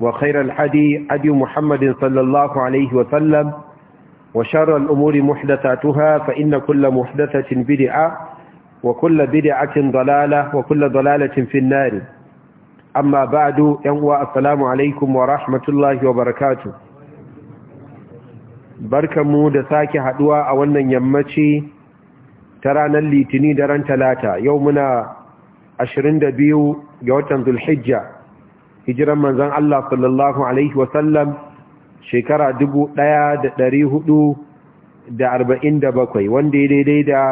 وخير الحدي حدي محمد صلى الله عليه وسلم وشر الأمور محدثاتها فإن كل محدثة بدعة وكل بدعة ضلالة وكل ضلالة في النار أما بعد ينوى السلام عليكم ورحمة الله وبركاته barkanmu da sake haduwa a wannan yammaci ta ranar litini daren talata yau muna 22 ga watan zulhijja hijiran manzan Allah sallallahu Alaihi wasallam shekara bakwai, wanda ya daidai da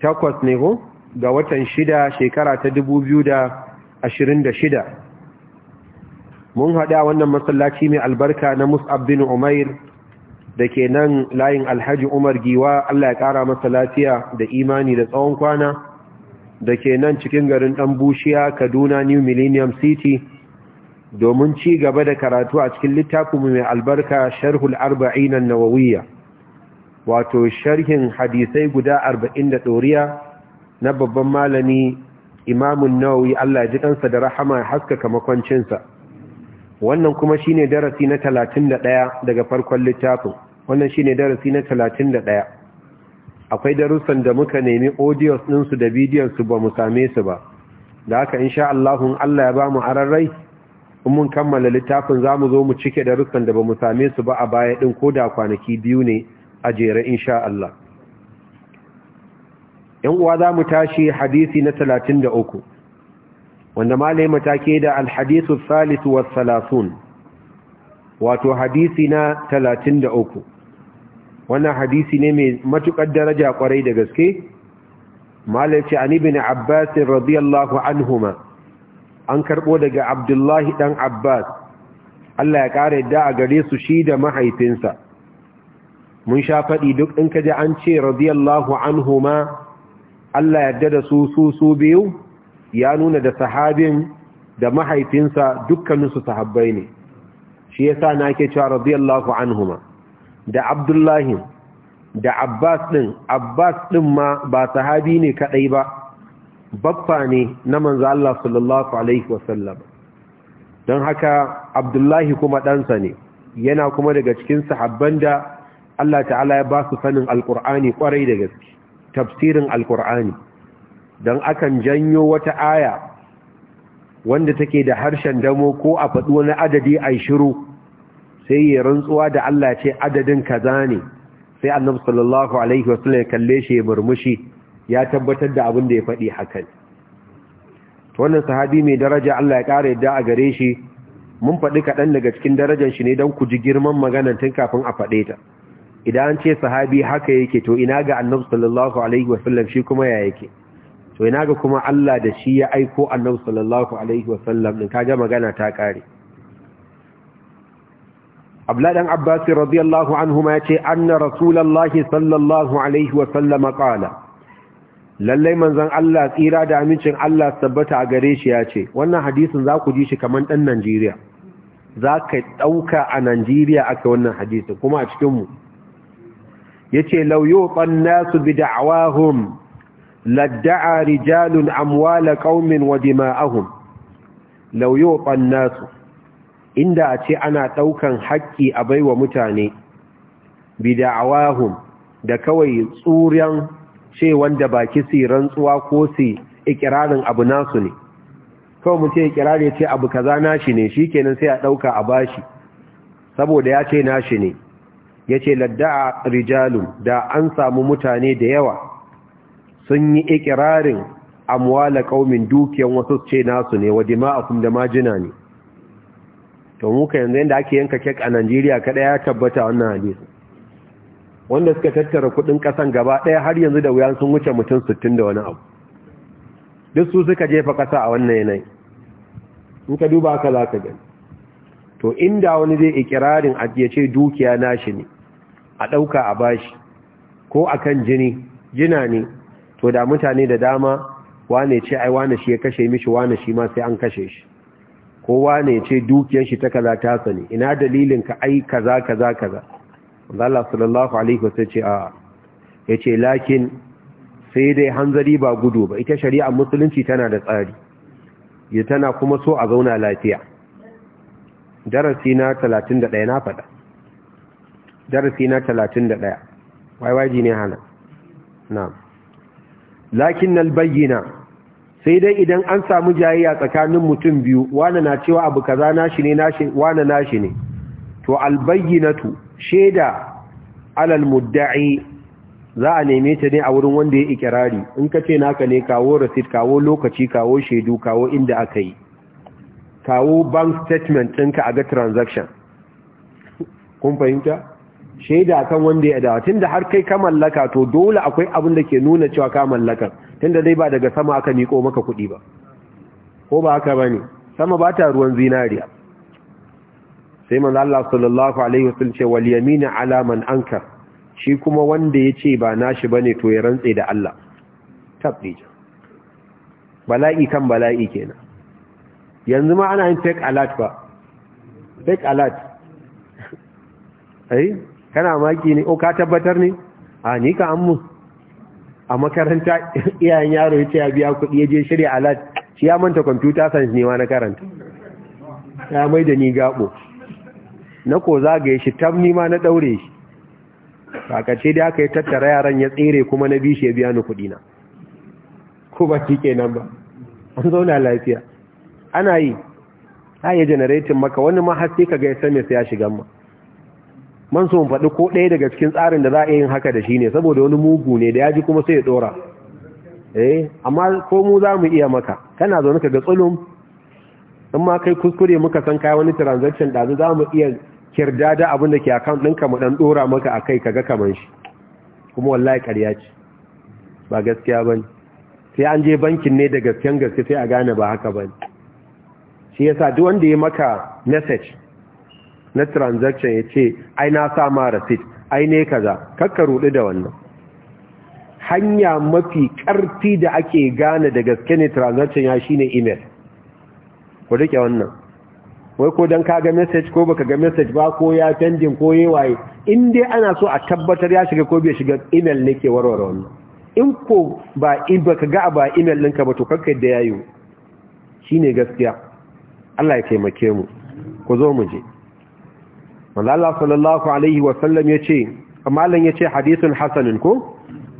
takwas ne ho? ga watan shida shekara ta da shida. mun a wannan masallaci mai albarka na mus'ab bin umair da ke nan layin alhaji umar giwa Allah ya ƙara masa da imani da tsawon kwana da ke nan cikin garin ɗan bushiya kaduna new millennium city domin ci gaba da karatu a cikin littafinmu mai albarka sharhul arba'inan nawawiyya wato sharhin hadisai guda arba'in da ɗoriya na babban malami imamun nawawi allah ji ɗansa da rahama haskaka makwancinsa wannan kuma shine darasi na talatin daga farkon littafin wannan shine darasi na talatin da ɗaya akwai darussan da muka nemi audios ɗinsu da bidiyonsu ba mu same su ba da haka insha Allah Allah ya ba mu ararrai in mun kammala littafin za mu zo mu cike darussan da ba mu same su ba a baya ɗin ko da kwanaki biyu ne a jere insha Allah ‘yan uwa za mu tashi hadisi na talatin da uku wanda malai matake da alhadisu salisu wasu salasun wato hadisi na talatin da uku wannan hadisi ne mai matukar daraja kwarai da gaske malaci an ibn abbas radiyallahu anhuma an karbo daga abdullahi dan abbas Allah ya kare da a gare su shi da mahaifinsa mun sha faɗi duk in kaji an ce radiyallahu anhuma Allah yarda da su su su biyu ya nuna da sahabin da mahaifinsa dukkaninsu sahabbai ne shi yasa nake cewa radiyallahu anhuma da abdullahi da abbas ɗin abbas ɗin ma ba sahabi ne kaɗai ba baffa ne na manzo Allah sallallahu alaihi wasallam don haka abdullahi kuma ɗansa ne yana kuma daga cikin sahabban da Allah ta'ala ya ba su sanin alkur'ani kwarai da gaske tafsirin alkur'ani don akan janyo wata aya wanda take da harshen damo ko a faɗi wani adadi a shiru sai ya rantsuwa da Allah ce adadin kaza ne sai annabi sallallahu alaihi wasallam ya kalle shi ya murmushi ya tabbatar da abin da ya faɗi hakan wannan sahabi mai daraja Allah ya ƙara yadda a gare shi mun faɗi kaɗan daga cikin darajar shi ne don ku ji girman magana tun kafin a faɗe ta idan an ce sahabi haka yake to ina ga annabi sallallahu alaihi wasallam shi kuma ya yake to ina ga kuma Allah da shi ya aiko annabi sallallahu alaihi wasallam din kaga magana ta ƙare abladan abbas radiyallahu anhuma yace anna rasulullahi sallallahu alaihi wa sallam qala lallai manzon Allah tsira da amincin Allah tabbata a gare shi yace wannan hadisin za ku ji shi kaman dan Najeriya za ka dauka a Najeriya aka wannan hadisi kuma a cikin mu yace law yuqan nasu bi ladda'a rijalun amwala qaumin wa dima'ahum law yuqan nasu inda a ce ana ɗaukan haƙƙi a baiwa mutane bida'awahum da kawai tsuran ce wanda baki su rantsuwa ko su ikirarin abu nasu ne kawai mutum ikirar ya ce abu kaza nashi ne shi kenan sai a ɗauka a bashi saboda ya ce nashi ne ya ce ladda'a rijalun da an samu mutane da yawa sun yi ikirarin amwala ƙaumin dukiyan wasu ce nasu ne wa kuma da majina ne to muka yanzu yadda ake yanka kek a Najeriya kada ya tabbata wannan hadisi wanda suka tattara kudin kasan gaba daya har yanzu da wuyan sun wuce mutum 60 da wani abu duk su suka jefa kasa a wannan yanayi in ka duba ka za ka gani to inda wani zai ikirarin a ya ce dukiya nashi ne a ɗauka a bashi ko akan jini jina ne to da mutane da dama wane ce ai wane shi ya kashe mishi wane shi ma sai an kashe shi kowa ne ce dukiyar shi ta kaza ta sani ina dalilin ka ai kaza kaza kaza Allah sallallahu alaihi wasallam ce a ce lakin sai dai hanzari ba gudu ba ita shari'a musulunci tana da tsari ya tana kuma so a zauna lafiya darasi na 31 na fada darasi na 31 wai waji ne hana na'am lakin bayyina. sai dai idan an samu jayayya tsakanin mutum biyu wane na cewa abu kaza nashi ne nashi wani nashi ne to albayyinatu shaida alal mudda'i za a neme ta ne a wurin wanda ya ikirari in ka ce naka ne kawo receipt kawo lokaci kawo shaidu kawo inda aka yi kawo bank statement ɗinka a ga transaction kun fahimta shaida kan wanda ya dawa tunda har kai ka mallaka to dole akwai abin da ke nuna cewa ka mallaka tunda dai ba daga sama aka miƙo maka kuɗi ba ko ba haka bane sama ba ta ruwan zinariya sai manzo Allah sallallahu alaihi wasallam ce wal yamina ala man ankar shi kuma wanda yace ba nashi bane to ya rantse da Allah tabbija bala'i kan bala'i kenan yanzu ma ana yin fake alert ba fake alert ai eh? kana maki ne o ka tabbatar ne a ni ka ammu a makaranta iyayen yaro ya ce ya biya kuɗi ya je shirya alat shi ya manta kwamfuta science ne ma na karanta ya mai da ni gaɓo na ko zagaye shi tam ni na ɗaure shi kakace da aka yi tattara yaran ya tsere kuma na bi shi ya biya ni kuɗi na ko ba shi nan ba an zauna lafiya ana yi ha ya generatin maka wani ma har ka ga sms ya shiga ma man so faɗi ko ɗaya daga cikin tsarin da za a yin haka da shi ne saboda wani mugu ne da ya ji kuma sai ya ɗora eh amma ko mu za mu iya maka kana zaune ka ga tsulum in ma kai kuskure muka san kai wani transaction ɗazu za mu iya kirda da abin da ke account ɗinka mu ɗan ɗora maka a kai kaga kaman shi kuma wallahi ƙarya ce ba gaskiya ba sai an je bankin ne da gaskiyan gaske sai a gane ba haka ba shi yasa duk wanda ya maka message na transaction ya ce ai na sa ma receipt ai ne kaza kakka rudu da wannan hanya mafi karfi da ake gane da gaske ne transaction ya shine email ku dake wannan wai ko dan ka ga message ko baka ga message ba ko ya tending ko yayi in dai ana so a tabbatar ya shiga ko bai shiga email ne ke warware wannan in ko ba in baka ga ba email ɗinka ba to kakka da yayi shine gaskiya Allah ya taimake mu ku zo mu je Allah sallallahu alaihi wasallam ya ce malam ya ce hadisun hasanin ko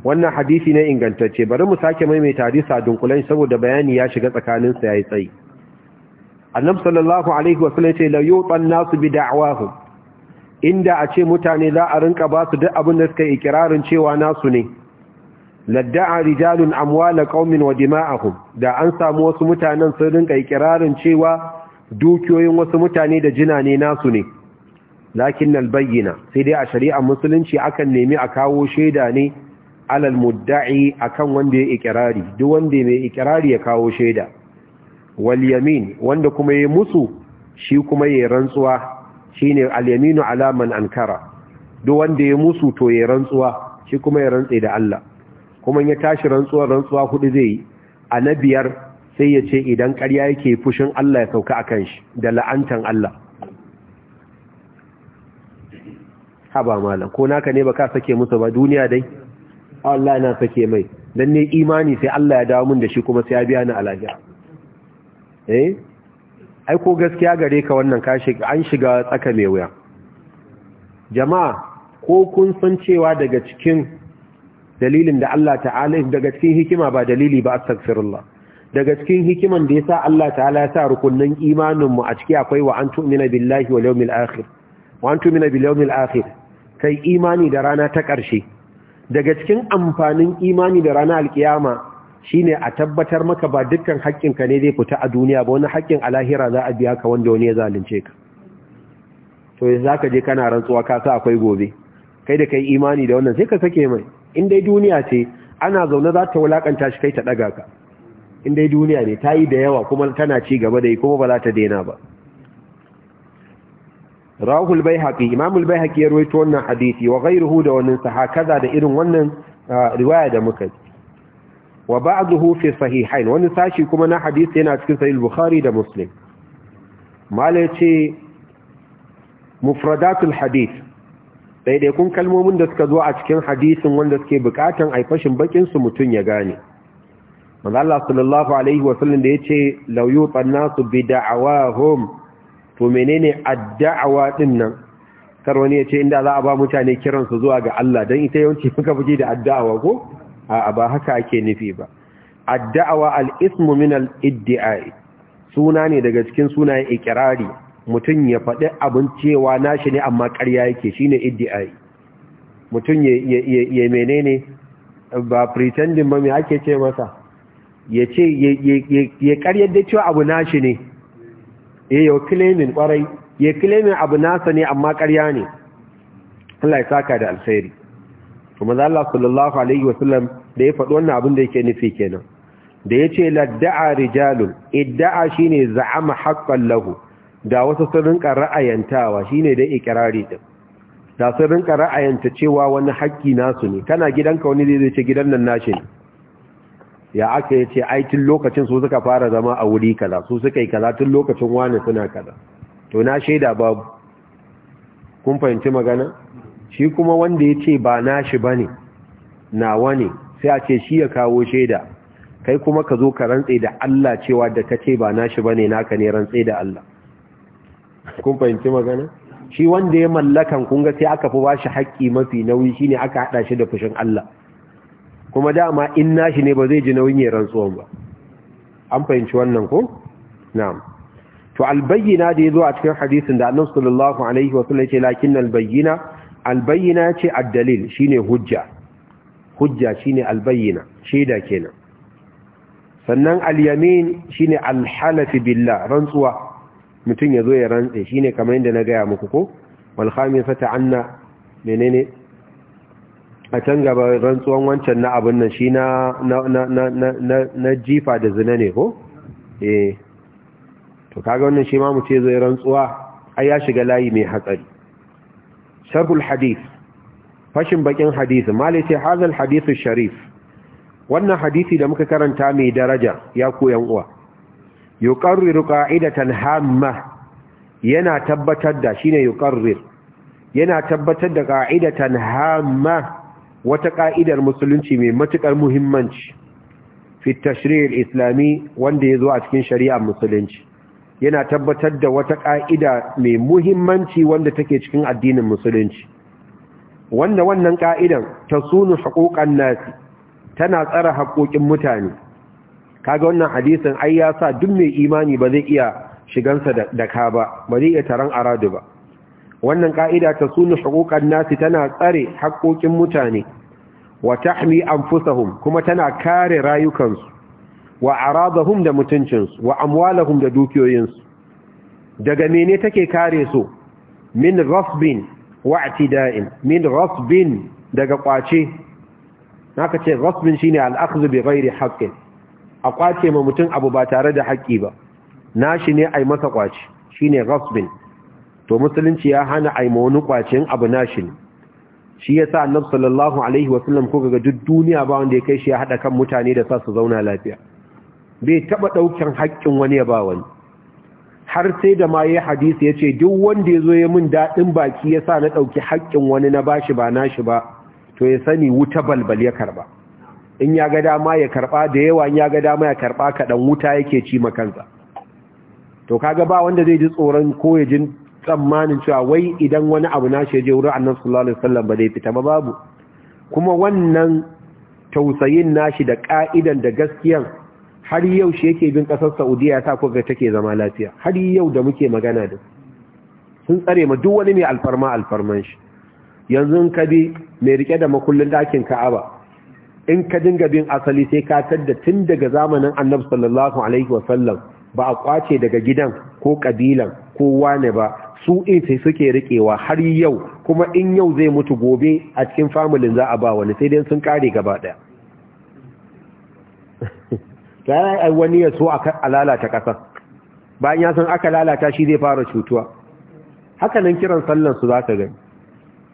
wannan hadisi ne ingantacce bari mu sake maimaita hadisa dunkulan saboda bayani ya shiga tsakanin sa yayi tsayi annab sallallahu alaihi wasallam ce la nasu bi da'wahum inda a ce mutane za a rinka ba su duk abin da suka ikirarin cewa nasu ne ladda'a rijalun amwala qaumin wa dima'ahum da an samu wasu mutanen sun rinka ikirarin cewa dukiyoyin wasu mutane da jina ne nasu ne lakin bayyana, sai dai a shari'a musulunci akan nemi a kawo shaida ne alal mudda'i akan wanda ya ikirari duk wanda mai ikirari ya kawo shaida wal yamin wanda kuma ya musu shi kuma ya rantsuwa shine al yaminu ala man ankara duk wanda ya musu to ya rantsuwa shi kuma ya rantse da Allah kuma ya tashi rantsuwar rantsuwa hudu zai yi a na biyar sai ya ce idan ƙarya yake fushin Allah ya sauka akan shi da la'antan Allah haba malam ko naka ne baka sake musu ba duniya dai Allah na sake mai dan ne imani sai Allah ya dawo mun da shi kuma sai ya biya ni al'ada? eh ai ko gaskiya gare ka wannan ka shiga an shiga tsaka mai wuya jama'a ko kun san cewa daga cikin dalilin da Allah ta'ala daga cikin hikima ba dalili ba astaghfirullah daga cikin hikiman da yasa Allah ta'ala ya sa rukunnan imanin mu a ciki akwai wa antu mina billahi wal yawmil akhir wa antu mina bil yawmil akhir kai imani da rana ta ƙarshe daga cikin amfanin imani da rana alkiyama shine a tabbatar maka ba dukkan haƙƙinka ne zai fita a duniya ba wani haƙƙin alahira za a biya ka wanda wani ya zalunce ka to yanzu zaka je kana rantsuwa ka sa akwai gobe kai da kai imani da wannan sai ka sake mai in dai duniya ce ana zaune za ta wulakanta shi kai ta ɗaga ka in dai duniya ne ta yi da yawa kuma tana ci gaba da yi kuma ba za ta daina ba rahul baihaqi imamul baihaqi ya wannan hadisi wa ghayruhu da wannan sahakaza da irin wannan riwaya da muka ji wa ba'dahu fi sahihain wani sashi kuma na hadisi yana cikin sahih bukhari da muslim malai yace mufradatul hadith daidaikun kalmomin da suka zo a cikin hadisin wanda suke bukatan aifashin bakin su mutun ya gane manzo Allah sallallahu alaihi wa sallam da yace law yutan bi da'awahum to menene addawa din nan kar wani ya ce inda za a ba mutane kiransu zuwa ga Allah don ita yawanci muka fi da adda'awa ko a ba haka ake nufi ba Adda'awa al-ismu min al-iddi'ai suna ne daga cikin sunaye ikrari mutum ya faɗi abin cewa nashi ne amma ƙarya yake shine iddi'ai mutum ya menene ba pretending ba me ake ce masa ya ya ya ƙaryar da cewa abu nashi ne eh yau kwarai ya min abu nasa ne amma karya ne Allah ya saka da alfairi kuma za Allah sallallahu alaihi wasallam da ya faɗi wannan abin da yake nufi kenan da ya ce ladda'a rijalun idda'a shi ne za'ama haƙƙon lahu da wasu sun rinƙa ra'ayantawa ne da Ikirari ɗin. da sun rinƙa ra'ayanta cewa wani haƙƙi nasu ne kana gidanka wani zai ce gidan nan nashi ne ya aka ya ce ai tun lokacin su suka fara zama a wuri kaza su suka yi kaza tun lokacin wani suna kaza to na shaida babu kun fahimci magana shi kuma wanda ya ce ba nashi ba ne nawa ne sai a ce shi ya kawo shaida kai kuma ka zo ka rantse da Allah cewa da ka ce ba nashi ba ne naka ne rantse da Allah kun fahimci magana shi wanda ya mallakan kun ga sai aka fi ba shi haƙƙi mafi nauyi shine aka haɗa shi da fushin Allah kuma dama in nashi ne ba zai ji nauyin ya rantsuwan ba an fahimci wannan ko na'am to albayyina da ya zo a cikin hadisin da annan sallallahu alaihi wasu sallam lakin albayyina albayyina ce addalil shine hujja hujja shine albayyina shaida kenan sannan alyamin shine alhalafi billa rantsuwa mutum ya zo ya Shi ne kamar yadda na gaya muku ko wal khamisata anna menene a can gaba rantsuwan wancan na abin nan shi na jifa da zina ne ko eh to kaga wannan shi ma mu ce zai rantsuwa ai ya shiga layi mai hatsari sharhul hadith fashin bakin hadisi malai ce hazal hadithu sharif wannan hadisi da muka karanta mai daraja ya koyan uwa yuqarriru qa'idatan hamma yana tabbatar da shine yuqarrir yana tabbatar da qa'idatan hamma wata ƙa'idar musulunci mai matukar muhimmanci fi islami wanda ya zo a cikin shari'ar musulunci yana tabbatar da wata ka'ida mai muhimmanci wanda take cikin addinin musulunci wanda wannan ka'idan ta sunu haƙoƙan nasi tana tsara haƙoƙin mutane kaga wannan hadisin ai ya sa duk mai imani ba zai iya shigansa da ka ba ba zai iya taron aradu ba wannan ka'ida ta sunu huquqan nasi tana tsare haƙoƙin mutane wa tahmi anfusahum kuma tana kare rayukansu wa aradahum da mutuncinsu wa amwalahum da dukiyoyinsu daga mene take kare su min ghasbin wa i'tida'in min ghasbin daga kwace naka ce ghasbin shine al-akhdh bi ghairi haqqin a kwace ma mutum abu ba tare da haƙƙi ba nashi ne ai masa kwace shine ghasbin to musulunci ya hana aima wani kwacin abu nashi shi ya sa annab sallallahu alaihi wasallam ko ga duk duniya ba wanda ya kai shi ya haɗa kan mutane da sa su zauna lafiya bai taɓa ɗaukan haƙƙin wani ya ba wani har sai da ma ya hadisi ya ce duk wanda ya zo ya min daɗin baki ya sa na ɗauki haƙƙin wani na bashi ba shi ba to ya sani wuta balbal ya karɓa in ya ga dama ya karɓa da yawa in ya ga dama ya karɓa kaɗan wuta yake ci kansa to kaga ba wanda zai ji tsoron ko ya ji tsammanin cewa wai idan wani abu na shi je wurin annabi sallallahu alaihi wasallam ba zai fita ba babu kuma wannan tausayin nashi da ka'idan da gaskiyan har yau shi yake bin kasar Saudiya ta ko ga take zama lafiya har yau da muke magana da sun tsare ma duk wani mai alfarma alfarman shi yanzu ka bi mai rike da makullin dakin Ka'aba in ka dinga bin asali sai ka tadda tun daga zamanin Annabi sallallahu alaihi wasallam ba a kwace daga gidan ko kabilan kowa ne ba su ɗin sai suke riƙewa har yau kuma in yau zai mutu gobe a cikin familin za a ba wani sai dai sun kare gaba ɗaya tsayarai ai wani ya so a lalata ƙasa bayan ya san aka lalata shi zai fara cutuwa haka nan kiran sallan su za ka gani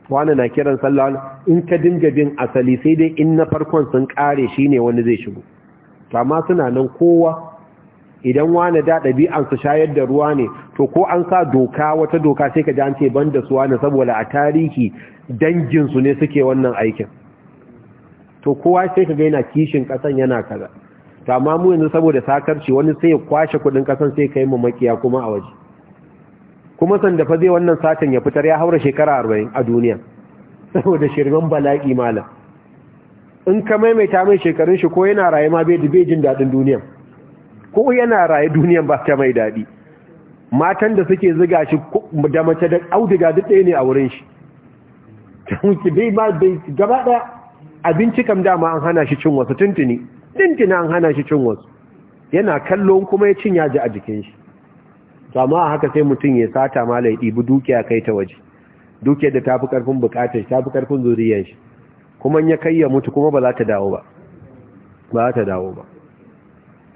wani na kiran sallan in ka dinga bin asali sai dai in na farkon sun kare shi ne wani zai shigo amma suna nan kowa idan wane da ɗabi'ansa shayar da ruwa ne to ko an sa doka wata doka sai ka ji an ce ban da su wane saboda a tarihi danginsu ne suke wannan aikin to kowa sai ka gaina kishin ƙasan yana kaza to amma mu yanzu saboda sakarci wani sai ya kwashe kuɗin ƙasan sai yi mu makiya kuma a waje kuma sanda fa zai wannan satin ya fitar ya haura shekara arba'in a duniya saboda shirman bala'i malam in ka maimaita mai shekarun shi ko yana rayuwa bai jin daɗin duniya ko yana raye duniyan ba ta mai daɗi matan da suke ziga shi da mace da auduga duk ɗaya ne a wurin shi ki bai ma bai gaba ɗaya abinci kam dama an hana shi cin wasu tuntuni tuntuni an hana shi cin wasu yana kallon kuma ya cinya ji a jikin shi to amma haka sai mutum ya sata mala ya dukiya kai ta waje dukiyar da tafi karfin bukatar shi tafi karfin zuriyar shi kuma ya kai ya mutu kuma ba za ta dawo ba ba za ta dawo ba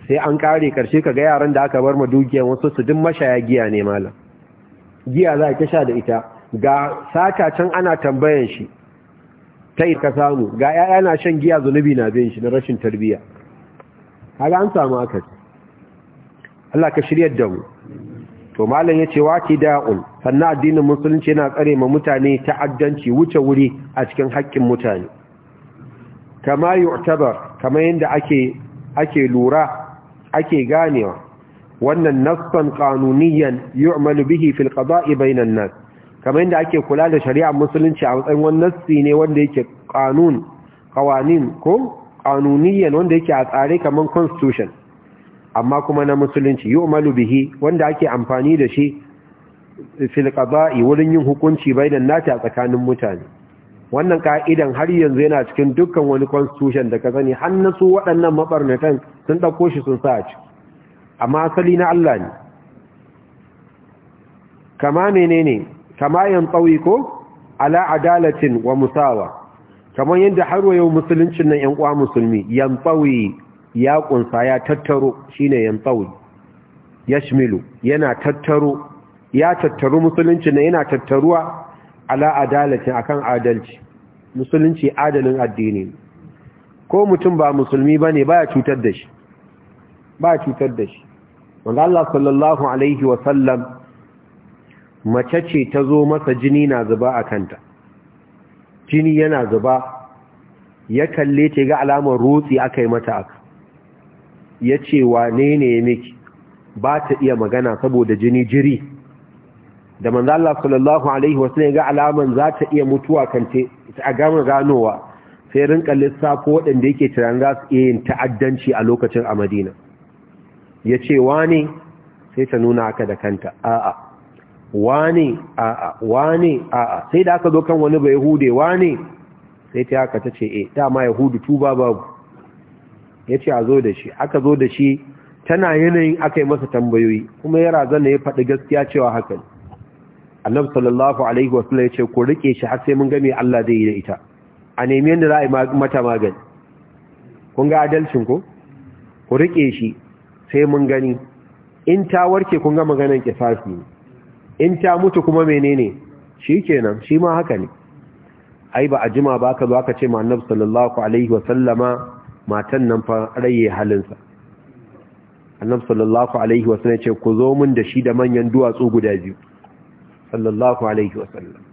sai an kare karshe ga yaran da aka bar ma dukiyar wasu su din mashaya giya ne malam giya za ka sha da ita ga sata can ana tambayan shi ta ka samu ga yaya na shan giya zunubi na bin shi na rashin tarbiyya kaga an samu aka Allah ka shirya da mu to malam ce waki da'un sannan addinin musulunci yana tsare ma mutane ta'addanci wuce wuri a cikin haƙƙin mutane kama yu'tabar kamar yadda ake ake lura ake ganewa wannan nassan kanuniyan yu'malu bihi fil qada'i bainan nas kamar yadda ake kula da shari'ar musulunci a matsayin wannan nassi ne wanda yake kanun kawanin ko kanuniyan wanda yake a tsare kamar constitution amma kuma na musulunci yu'malu bihi wanda ake amfani da shi fil qada'i wurin yin hukunci bainan a tsakanin mutane wannan ka'idan har yanzu yana cikin dukkan wani constitution da ka sani su waɗannan mabarnatan sun ɗauko shi sun sa a ciki amma asali na Allah ne kama menene kama yan tsawi ko ala adalatin wa musawa kamar yadda har yau musuluncin nan yan uwa musulmi yan tsawi ya kunsa ya tattaro shine yan tsawi yashmilu yana tattaro ya tattaru musulunci na yana tattaruwa ala adalatin akan adalci musulunci adalin addini ko mutum ba musulmi bane baya cutar da shi baya cutar da shi wanda Allah sallallahu alaihi wa sallam mace ce ta zo masa jini na zuba a kanta jini yana zuba ya kalle ta ga alamar rotsi aka yi mata aka ya ce wane ne miki ba ta iya magana saboda jini jiri da manzo Allah sallallahu alaihi wasallam ga alaman za ta iya mutuwa kance a gama ganowa sai rinka lissafo wadanda yake tunanin za su iya yin ta'addanci a lokacin a Madina ya ce wane sai ta nuna aka da kanta a'a wane a'a wane a'a sai da aka zo kan wani bai hude wane sai ta haka ta ce e dama yahudu tuba babu ya ce a zo da shi aka zo da shi tana yanayin aka yi masa tambayoyi kuma yara razana ya faɗi gaskiya cewa haka ne annabi sallallahu alaihi wasallam ya ce ku rike shi har sai mun game Allah zai yi da ita a neme ni ra'ayi mata magani kun ga adalcin ku ku rike shi sai mun gani in ta warke kun ga maganan kifafi in ta mutu kuma menene shikenan shi ma haka ne ai ba a jima ba ka zo aka ce ma annabi sallallahu alaihi wasallama matan nan fa raye halinsa annabi sallallahu alaihi wasallam ya ce ku zo mun da shi da manyan duwatsu guda biyu sallallahu alaihi wasallam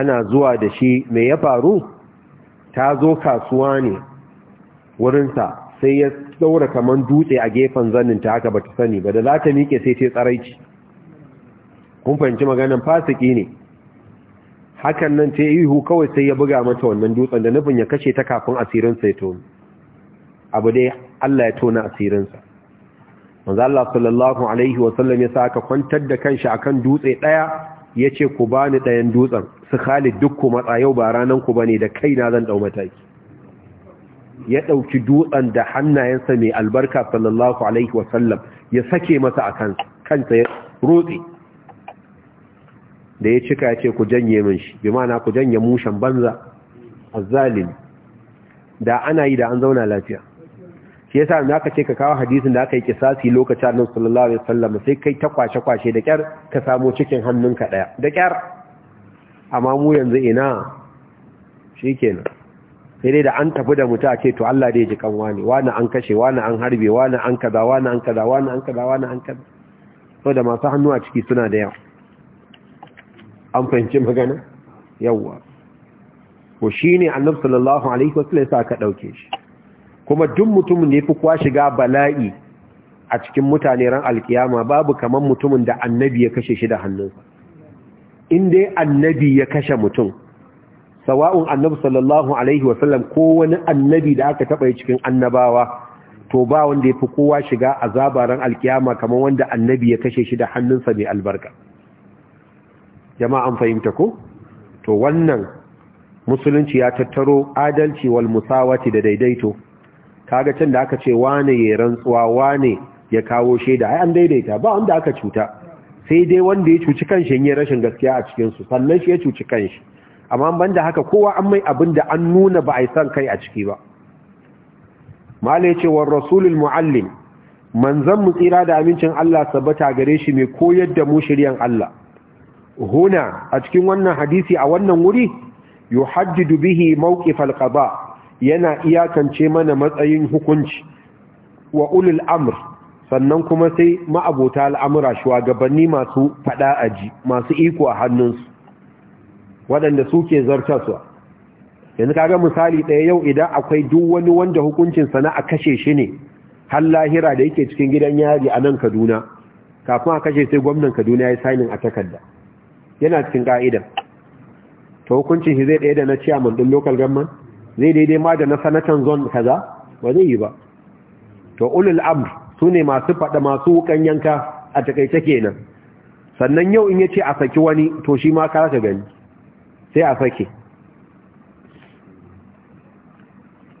ana zuwa da shi me ya faru ta zo kasuwa ne wurinsa sai ya saura kamar dutse a gefen zannin ta haka bata sani ba da za ta miƙe sai ta tsaraici kun fahimci maganan fasiki ne hakan nan ta ihu kawai sai ya buga mata wannan dutsen da nufin ya kashe ta kafin asirinsa ya tona abu dai Allah ya tona asirinsa manzo Allah sallallahu alaihi wa sallam ya saka kwantar da kanshi akan dutse daya yace ku bani dayan dutsen su Khalid duk ku matsa yau ba ranan ku bane da kaina zan dau mataki ya dauki dutsen da hannayensa mai albarka sallallahu alaihi wa sallam ya sake masa akan kansa ya rotse da ya cika ya ce ku janye min shi bi ku janye mushen banza azzalimi da ana yi da an zauna lafiya shi yasa na ka ce ka kawo hadisin da aka yi kisasi lokacin annabi sallallahu alaihi wasallam sai kai ta kwashe kwashe da kyar ka samu cikin hannunka daya da kyar amma mu yanzu ina shikenan sai dai da an tafi da mutu a ce to Allah dai ji kan wani wani an kashe wani an harbe wani an kaza wani an kaza wani an kaza wani an kaza so da masu hannu a ciki suna da yawa an fahimci magana yawa ko shine annabi sallallahu alaihi wasallam sai ka dauke shi kuma duk mutumin da ya fi kwa shiga bala'i a cikin mutane ran alkiyama babu kamar mutumin da annabi ya kashe shi da hannunsa in dai annabi ya kashe mutum sawa'un annabi sallallahu alaihi wasallam ko wani annabi da aka taɓa cikin annabawa to ba wanda ya fi kowa shiga azaba ran alkiyama kamar wanda annabi ya kashe shi da hannunsa mai albarka Jama'an fahimta ko to wannan musulunci ya tattaro adalci wal musawati da daidaito kaga can da aka ce wane ya rantsuwa wane ya kawo shaida ai an daidaita ba wanda aka cuta sai dai wanda ya cuci kanshi ya rashin gaskiya a cikin su sannan shi ya cuci kanshi amma banda haka kowa an mai abin da an nuna ba a san kai a ciki ba mala ya ce wa rasulul muallim manzon mu tsira da amincin Allah sabbata gare shi mai koyar da mu shiryan Allah huna a cikin wannan hadisi a wannan wuri yuhaddidu bihi mawqif al-qada yana iyakance mana matsayin hukunci wa ulul amr sannan kuma sai ma'abota al'amura shugabanni masu fada ji, masu iko a hannunsu waɗanda suke zartaswa yanzu kaga misali ɗaya yau idan akwai duk wani wanda hukuncin sana'a a kashe shi ne har lahira da yake cikin gidan yari a nan kaduna kafin a kashe sai gwamnan kaduna ya yi sainin a takarda yana cikin ƙa'idan ta hukuncin shi zai ɗaya da na ciyaman ɗin lokal government zai daidai ma da na sanatan zon kaza ba zai yi ba to ulul amr su ne masu faɗa masu wukan yanka a takaice kenan sannan yau in yace a saki wani to shi ma ka gani sai a sake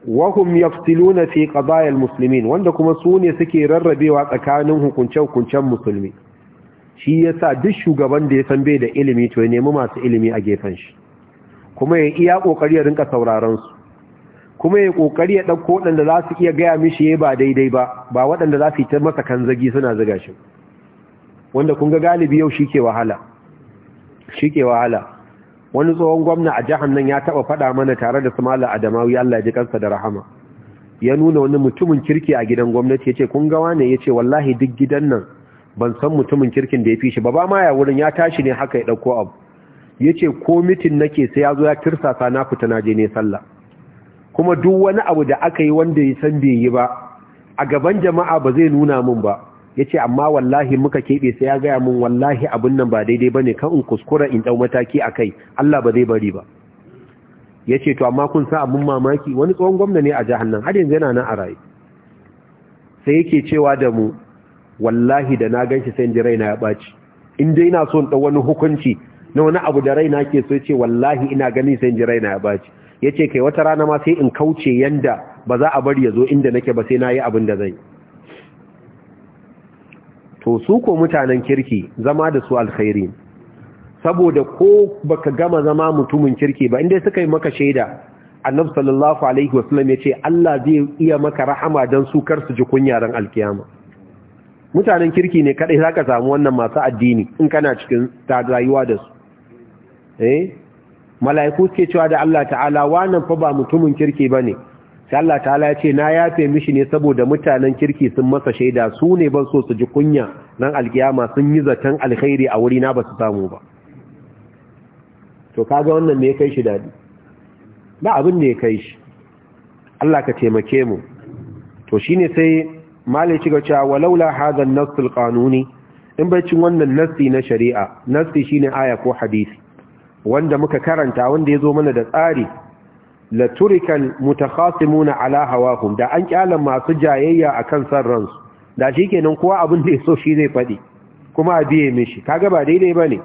wahum yaftiluna fi qadaya muslimin wanda kuma su ne suke rarrabewa tsakanin hukunce-hukuncen musulmi shi yasa duk shugaban da ya san bai da ilimi to ya nemi masu ilimi a gefen shi kuma ya iya kokari ya rinka sauraron su kuma ya kokari ya ɗauko waɗanda za su iya gaya mishi ya ba daidai ba ba waɗanda za su yi ta masa kanzagi suna ziga shi wanda kun ga galibi yau shi ke wahala shi ke wahala wani tsohon gwamna a jihar nan ya taɓa faɗa mana tare da su mala adamawi allah ya ji kansa da rahama ya nuna wani mutumin kirki a gidan gwamnati ya ce kun ga wane ya ce wallahi duk gidan nan ban san mutumin kirkin da ya fi shi ba ba ma ya wurin ya tashi ne haka ya ɗauko abu ya ce ko mitin nake sai ya zo ya tirsasa na fita na je ne sallah kuma duk wani abu da aka yi wanda ya san bai yi ba a gaban jama'a ba zai nuna min ba ya ce amma wallahi muka keɓe sai ya gaya mun, wallahi abin nan ba daidai ba ne kan in kuskura in ɗau mataki a kai Allah ba zai bari ba ya ce to amma kun sa abin mamaki wani tsohon gwamna ne a jihar nan har yanzu yana nan a raye sai yake cewa da mu wallahi da na gan shi sai ji raina ya ɓaci in dai ina so in ɗau wani hukunci na wani abu da raina ke so ce wallahi ina ganin sai ji raina ya ɓaci Ya ce, kai wata rana ma sai in kauce yanda ba za a bari ya zo inda nake ba sai na yi abin da zai to su ko mutanen kirki zama da su alkhairi saboda ko baka gama zama mutumin kirki ba inda suka yi maka shaida annabi sallallahu alaihi wasallam ce, Allah zai iya maka rahama don su kar su ji kunya alkiyama mutanen kirki ne kadai ka samu wannan masu addini in kana cikin rayuwa da su eh mala'iku suke cewa da Allah ta'ala wannan fa ba mutumin kirki bane sai Allah ta'ala ya ce na yafe mishi ne saboda mutanen kirki sun masa shaida su ne ban so su ji kunya nan alkiyama sun yi zaton alkhairi a wuri na ba su samu ba to kaga wannan me ya kai shi dadi ba abin da ya kai shi Allah ka taimake mu to shine sai malai ci ga cewa walaula hadha an-nass al in bai cin wannan nassi na shari'a nassi shine aya ko hadisi wanda muka karanta wanda ya zo mana da tsari la turikal mutakhasimuna ala hawahum da an kyalan masu jayayya akan san ransu da shikenan kowa abin da yaso shi zai fadi kuma a biye mishi kaga ba daidai bane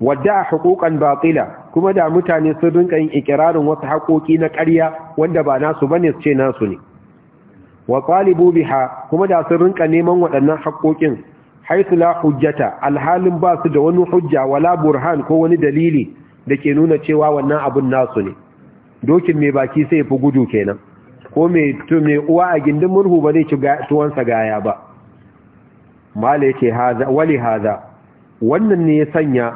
wadda huquqan batila kuma da mutane sun rinka yin ikirarin wasu haƙoƙi na ƙarya wanda ba nasu bane su ce nasu ne wa talibu biha kuma da sun rinka neman waɗannan haƙoƙin haithu la hujjata alhalin ba su da wani hujja wala burhan ko wani dalili da ke nuna cewa wannan abun nasu ne dokin mai baki sai fi gudu kenan ko mai uwa a gindin murhu ba zai ci tuwansa gaya ba mala yake wali haza wannan ne ya sanya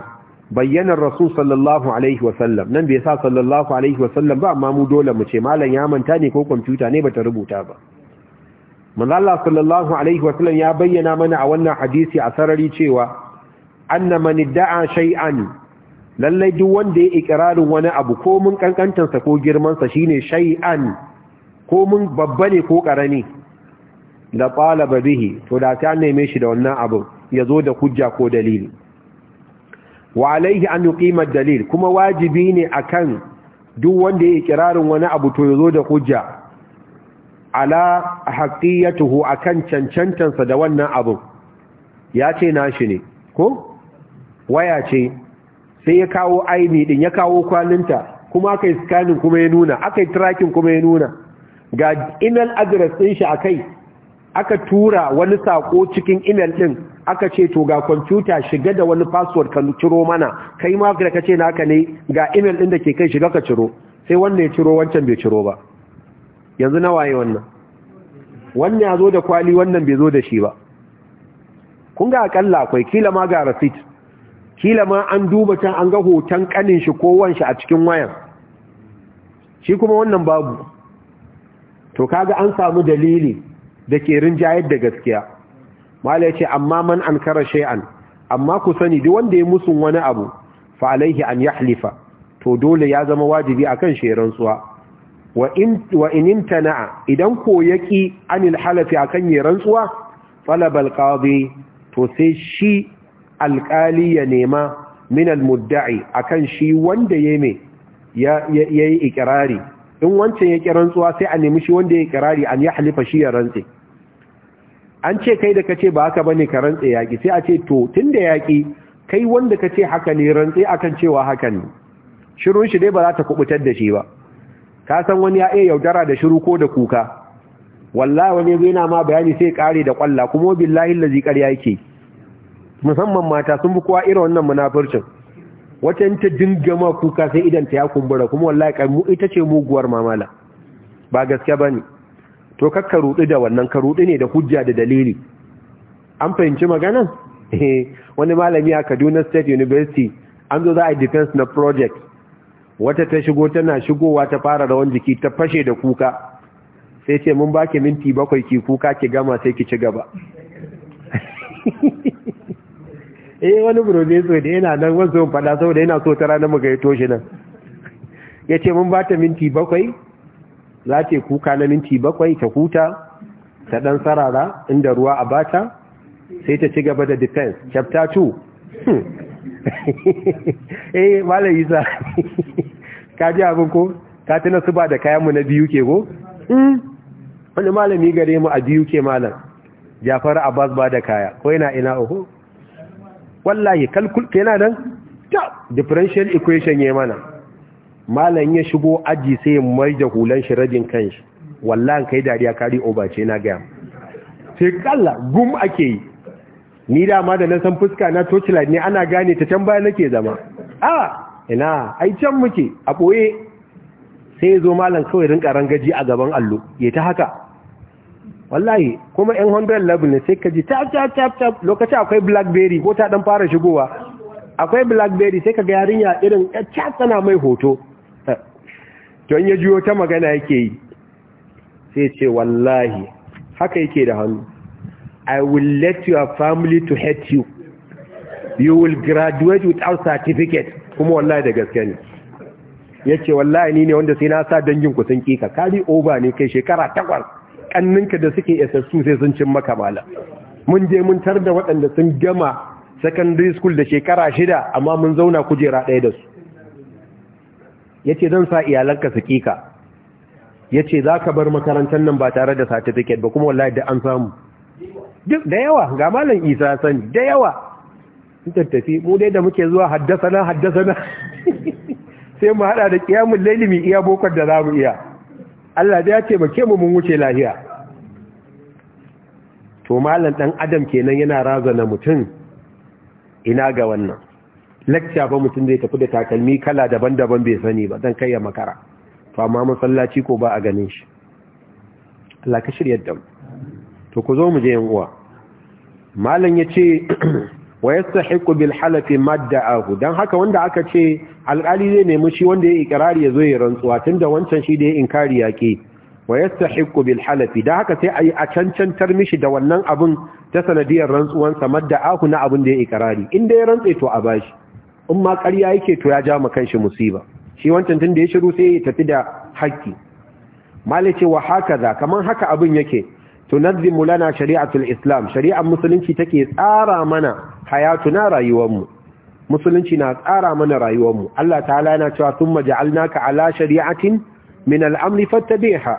bayyanar rasu sallallahu alaihi wasallam nan bai sa sallallahu alaihi wasallam ba amma mu dole mu ce malam ya manta ne ko kwamfuta ne ba ta rubuta ba manzala sallallahu alaihi wasallam ya bayyana mana a wannan hadisi a sarari cewa anna man da'a shay'an lallai duk wanda ya ikrarin wani abu ko mun kankantansa ko girman sa shine shay'an ko mun babba ne ko karami da talaba bihi to da ta neme shi da wannan abu yazo da hujja ko dalili wa alaihi an yuqima dalil kuma wajibi ne akan duk wanda ya ikrarin wani abu to yazo da hujja ala haƙiyatuhu a kan cancantansa da wannan abin ya ce nashi ne ko waya ce sai ya kawo aini din ya kawo kwalinta kuma aka yi scanning kuma ya nuna aka yi tracking kuma ya nuna ga email address ɗin shi a kai aka tura wani sako cikin email ɗin aka ce to ga kwamfuta shiga da wani password ka ciro mana kai ma da ka ce naka ne ga email ɗin da ke kai shiga ka ciro sai wanda ya ciro wancan bai ciro ba yanzu na waye wannan wannan ya zo da kwali wannan bai zo da shi ba kun ga akalla akwai kila ma ga receipt kila ma an duba can an ga hoton kanin shi ko wanshi a cikin wayan shi kuma wannan babu to kaga an samu dalili da ke rinjayar da gaskiya mala yace, ce amma man an kara shay'an amma ku sani duk wanda ya musun wani abu fa alaihi an yahlifa to dole ya zama wajibi akan shi rantsuwa wa in idan ko yaki anil halafi akan yi rantsuwa falab qadi to sai shi alkali ya nema min almudda'i akan shi wanda yayi me yayi ikrari in wancan ya ƙi rantsuwa sai a nemi shi wanda ya kirari an ya halifa shi ya rantse an ce kai da kace ba haka bane ka rantse yaƙi sai a ce to tunda yaƙi kai wanda kace haka ne rantse akan cewa haka ne shirun shi dai ba za ta kubutar da shi ba ka san wani ya iya yaudara da shiru ko da kuka wallahi wani yana ma bayani sai kare da kwalla kuma billahi lazi ƙarya yake musamman mata sun bi kowa irin wannan munafurcin wata ta dingama kuka sai idan ta ya kumbura kuma wallahi kai mu ita ce muguwar mamala ba gaske bane to kakka rudi da wannan ka rudi ne da hujja da dalili an fahimci maganan eh, wani malami a Kaduna State University an zo za a defense na project wata ta shigo tana shigowa ta fara rawan jiki ta fashe da kuka sai ce mun baki minti bakwai ki kuka ki gama sai ki ci gaba eh wani professor da yana nan mun fada saboda yana so ta rana muka yi toshi nan ya mun bata minti bakwai za ta kuka na minti bakwai ta huta ta ɗan sarara inda ruwa a bata sai ta ci gaba da defense chapter 2 eh malam isa ka ji abin ko ka tana su ba da kayan mu na biyu ke ko hmm. wani malami gare mu a biyu ke malam jafar abbas ba da kaya ko yana ina uku wallahi kalkul yana nan ta differential equation ya mana malam ya shigo aji sai ya mai da hulan shi rajin kanshi wallahi kai dariya kari obace na ga sai kalla gum ake yi ni dama da na san fuska na torchlight ne ana gane ta can baya nake zama a ina ai can muke a boye sai zo malam kawai rinka rangaji a gaban allo ya ta haka wallahi kuma yan 100 level ne sai ka ji tap tap tap tap lokaci akwai blackberry ko ta dan fara shigowa akwai blackberry sai kaga yarinya irin ya tsana mai hoto eh, to in ya jiyo ta magana yake yi sai ce wallahi haka yake da hannu I will let your family to hate you you will graduate without certificate kuma wallahi da gaske ne Ya ce wallahi ni ne wanda sai na sa dangin ku sun kika kari over ne kai shekara takwas kanninka da suke SSU sai sun cin maka mala mun je mun tar da waɗanda sun gama secondary school da shekara shida amma mun zauna kujera ɗaya da su Ya ce zan sa iyalanka su kika za ka bar makarantar nan ba tare da certificate ba kuma wallahi da an samu duk da yawa ga malam isa sani da yawa in tattafi mu dai da muke zuwa haddasana haddasana sai mu hada da kiyamun lailimi iya bokar da za mu iya Allah da ya ce bake mu mun wuce lahiya to malam dan adam kenan yana razana mutum ina ga wannan lakciya fa mutum zai tafi da takalmi kala daban-daban bai sani ba dan kai ya makara to amma masallaci ko ba a ganin shi Allah ka shirya da mu to ku zo mu je yan uwa malam ya ce wa bilhalafi, bil halafi madda'ahu dan haka wanda aka ce alkali zai nemi shi wanda ya ya zo ya rantsuwa tun da wancan shi da ya inkari yake wa yastahiqu bil halafi dan haka sai ayi a cancantar mishi da wannan abin ta sanadiyar rantsuwansa, madda ahu na abin da ya in inda ya rantsa to a bashi in ma ƙarya yake to ya ja ma kanshi musiba shi wancan tun da ya shiru sai ya tafi da haƙƙi malai ce wa za kaman haka abin yake tunazzimu lana shari'atul islam shari'ar musulunci take tsara mana hayatuna rayuwarmu musulunci na tsara mana rayuwarmu Allah ta'ala yana summa thumma alnaka. ala shari'atin min al-amri fattabi'ha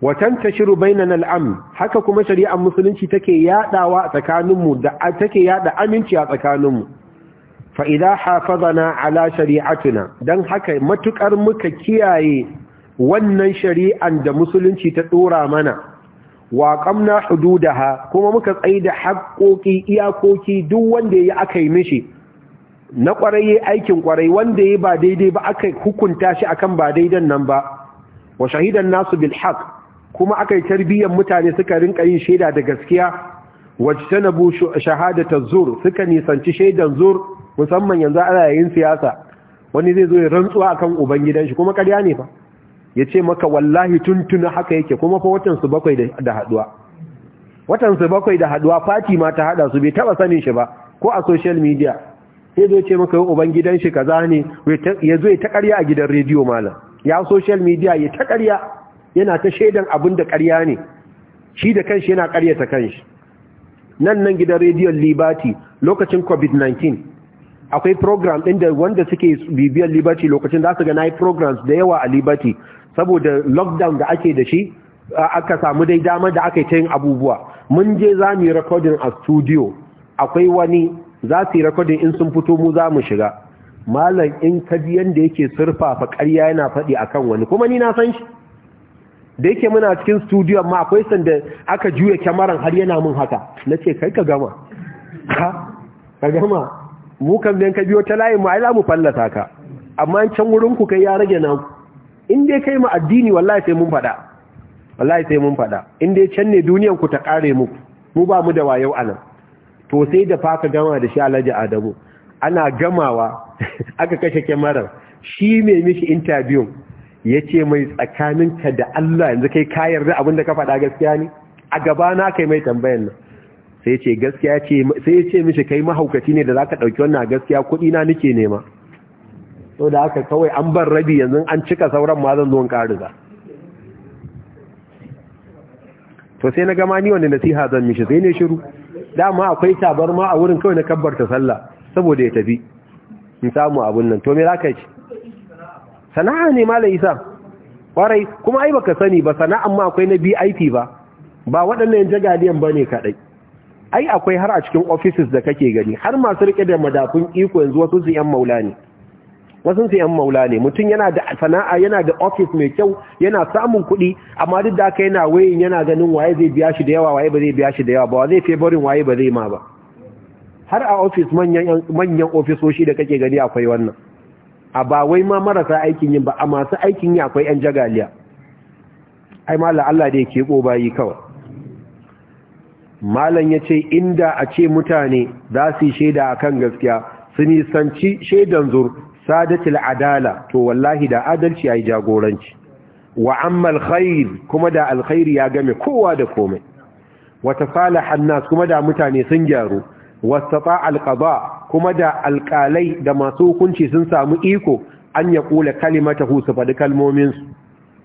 wa tantashiru bainana al-amn haka kuma shari'ar musulunci take yaɗawa tsakaninmu da take yaɗa aminci a tsakaninmu fa idha hafazana ala shari'atina dan haka matukar muka kiyaye wannan shari'an da musulunci ta ɗora mana wa da hududaha kuma muka tsaida haƙoƙi iyakoki duk wanda ya aka yi mishi na ƙwarai aikin ƙwarai wanda ya ba daidai ba aka hukunta shi akan ba daidan nan ba wa shahidan nasu bil haqq kuma yi tarbiyyar mutane suka rinka yin shaida da gaskiya wajtanabu shahadata zur suka nisanci shaidan zur musamman yanzu ana yayin siyasa wani zai zo ya rantsuwa akan ubangidan shi kuma ƙarya ne fa ya ce maka wallahi tuntuna haka yake kuma fa watansu bakwai da haduwa watansu bakwai da haduwa fati ma ta hada su bai taba sanin shi ba ko a social media sai zo ce maka ubangidan shi kaza ne ya zo ya ta karya a gidan rediyo malam ya social media ya ta karya yana ta shaidan abin da karya ne shi da kanshi yana ta kanshi nan nan gidan rediyon liberty lokacin covid-19 akwai program ɗin da wanda suke bibiyar liberty lokacin za su ga na yi programs da yawa a liberty saboda lockdown da ake da shi aka samu dai damar da aka yi ta yin abubuwa mun je za mu yi recording a studio akwai wani za su yi recording in sun fito mu za mu shiga malam in ji yanda yake surfafa ƙarya yana faɗi akan wani kuma ni na san shi da yake muna cikin studio amma akwai sanda aka juya kyamaran har yana mun haka na ce kai ka gama ka gama mu kan ka biyo ta layin mu ai za mu fallata ka amma can wurin ku kai ya rage ku in dai kai mu addini wallahi sai mun faɗa wallahi sai mun faɗa in dai canne ne duniyan ku ta kare mu mu ba mu da wayo anan to sai da fa ka gama da shi Alhaji Adamu ana gamawa aka kashe kyamarar shi mai mishi interview ya ce mai tsakaninka da Allah yanzu kai ka yarda abin da ka faɗa gaskiya ne a gaba na kai mai tambayan nan sai ce gaskiya ce sai ya ce mishi kai mahaukaci ne da zaka dauki wannan gaskiya kuɗi na nake nema to da haka kawai an bar rabi yanzu an cika sauran ma zan zo in ƙariza to sai na gama ni wani nasiha zan mishi sai ne shiru dama akwai tabar ma a wurin kawai na kabbarta sallah saboda ya tafi in samu abun nan to me ka ci sana'a ne malam isa kwarai kuma ai baka sani ba sana'an ma akwai na BIP ba ba waɗannan jagaliyan ne kaɗai. ai akwai har a cikin ofisis da kake gani har masu rike da madafun iko yanzu wasu su yan maula ne wasu su yan maula ne mutum yana da sana'a yana da office mai kyau yana samun kuɗi amma duk da aka yana wayin yana ganin waye zai biya shi da yawa waye ba zai biya shi da yawa ba zai favorin waye ba zai ma ba har a office manyan manyan ofisoshi da kake gani akwai wannan a ba wai ma marasa aikin yin ba a masu aikin yi akwai yan jagaliya ai mallan Allah da yake ko yi kawai malam yace inda a ce mutane za su yi shaida a kan gaskiya su nisanci shaidan zur sadatil adala to wallahi da adalci ya yi jagoranci wa amma alkhair kuma da alkhairi ya game kowa da komai wa tasalaha Hannas kuma da mutane sun gyaru wasafa alqada kuma da alqalai da masu hukunci sun samu iko an ya kula kalimata su faɗi kalmomin su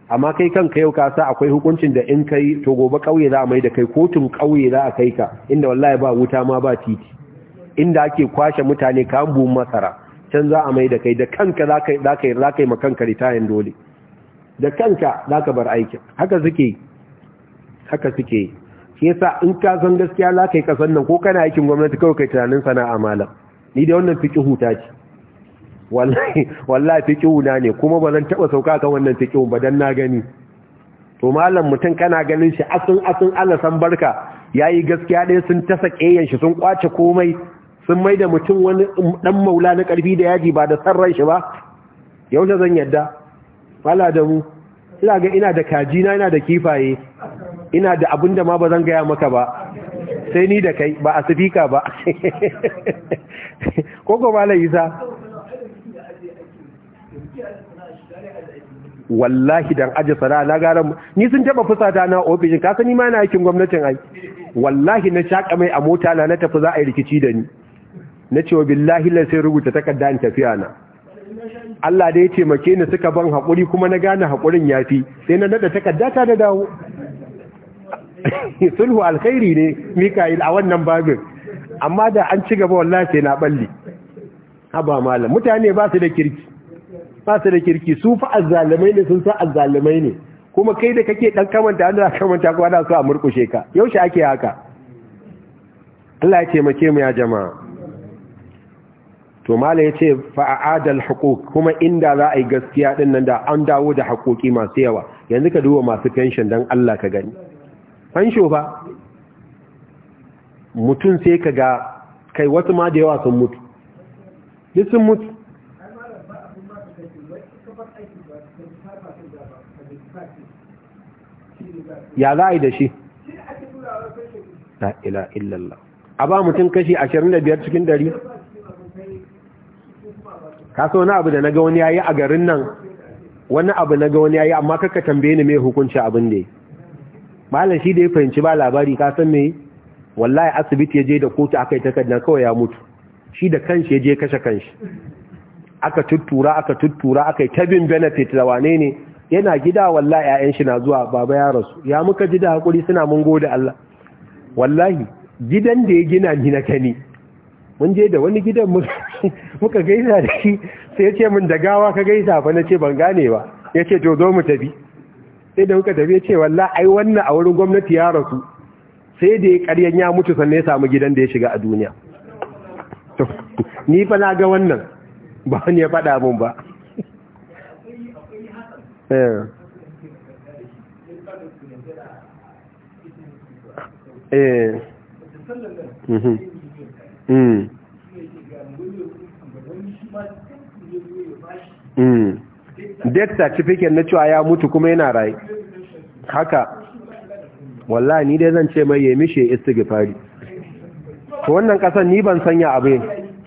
amma kai kanka yau ka sa akwai hukuncin da in kai to gobe ƙauye za a mai da kai kotun ƙauye za a kai ka inda wallahi ba wuta ma ba titi inda ake kwashe mutane kan bu masara can za a mai da kai da kanka za ka yi za ritayen dole da kanka za ka bar aikin haka suke haka suke shi yasa in ka san gaskiya za ka yi kasan nan ko kana aikin gwamnati kawai kai tunanin sana'a malam ni da wannan fiƙihu ta ce wallahi fiƙihu ne kuma ba zan taɓa sauka kan wannan fiƙihu ba dan na gani to malam mutum kana ganin shi asin asin Allah san barka yi gaskiya ɗaya sun tasa ƙeyan shi sun kwace komai sun mai da mutum wani ɗan maula na ƙarfi da yaji ba da sarran shi ba yau da zan yadda wala da mu ina ga ina da kajina ina da kifaye ina da abin da ma ba zan gaya maka ba sai ni da kai ba a sifika ba koko malam isa wallahi dan aji sana'a na gara ni sun taba fusata na ofishin ka sani ma na aikin gwamnatin ai wallahi na shaƙa mai a mota na na tafi za a yi rikici da ni na wa billahi la sai rubuta takarda in tafiya na Allah da ya ce make ni suka ban haƙuri kuma na gane haƙurin fi. sai na nada takarda ta da dawo sulhu alkhairi ne Mika'il a wannan babin amma da an ci gaba wallahi sai na balli haba malam mutane ba su da kirki ba su da kirki su fa azzalumai ne sun san azzalumai ne kuma kai da kake dan kamanta Allah kamanta ko ana so a murkushe ka yaushe ake haka Allah ya taimake mu ya jama'a to mala yace fa aadal huquq kuma inda za a yi gaskiya din nan da an dawo da haƙoƙi masu yawa yanzu ka duba masu pension dan Allah ka gani fansho fa mutum sai ka ga kai wasu ma da yawa sun mutu duk sun mutu ya za a yi da shi la ila illallah a ba mutum kashi 25 cikin 100 ka so wani abu da naga wani yayi a garin nan wani abu naga wani yayi amma ka tambaye ni me hukunci abin da malam shi da ya fahimci ba labari ka san me wallahi asibiti ya je da kotu akai takardan kawai ya mutu shi da kanshi ya je kashe kanshi aka tuttura aka tuttura aka tabin benefit da wane ne yana gida wallahi ƴaƴan shi na zuwa baba ya rasu ya muka ji da hakuri suna mun gode Allah wallahi gidan da ya gina ni na kani mun je da wani gidan muka gaisa da shi sai ya ce min da gawa ka gaisa fa na ce ban gane ba ya ce to zo mu tafi sai da muka tafi ya ce walla ai wannan a wurin gwamnati ya rasu sai da ya karyan ya mutu sannan ya samu gidan da ya shiga a duniya ni fa na ga wannan ba wani ya faɗa mun ba eh, eh. Mhm. Mm. Mm. death certificate na cewa ya mutu kuma yana rai haka wallahi ni dai zan ce mai ya mishe istighfari to wannan kasan ni ban sanya abin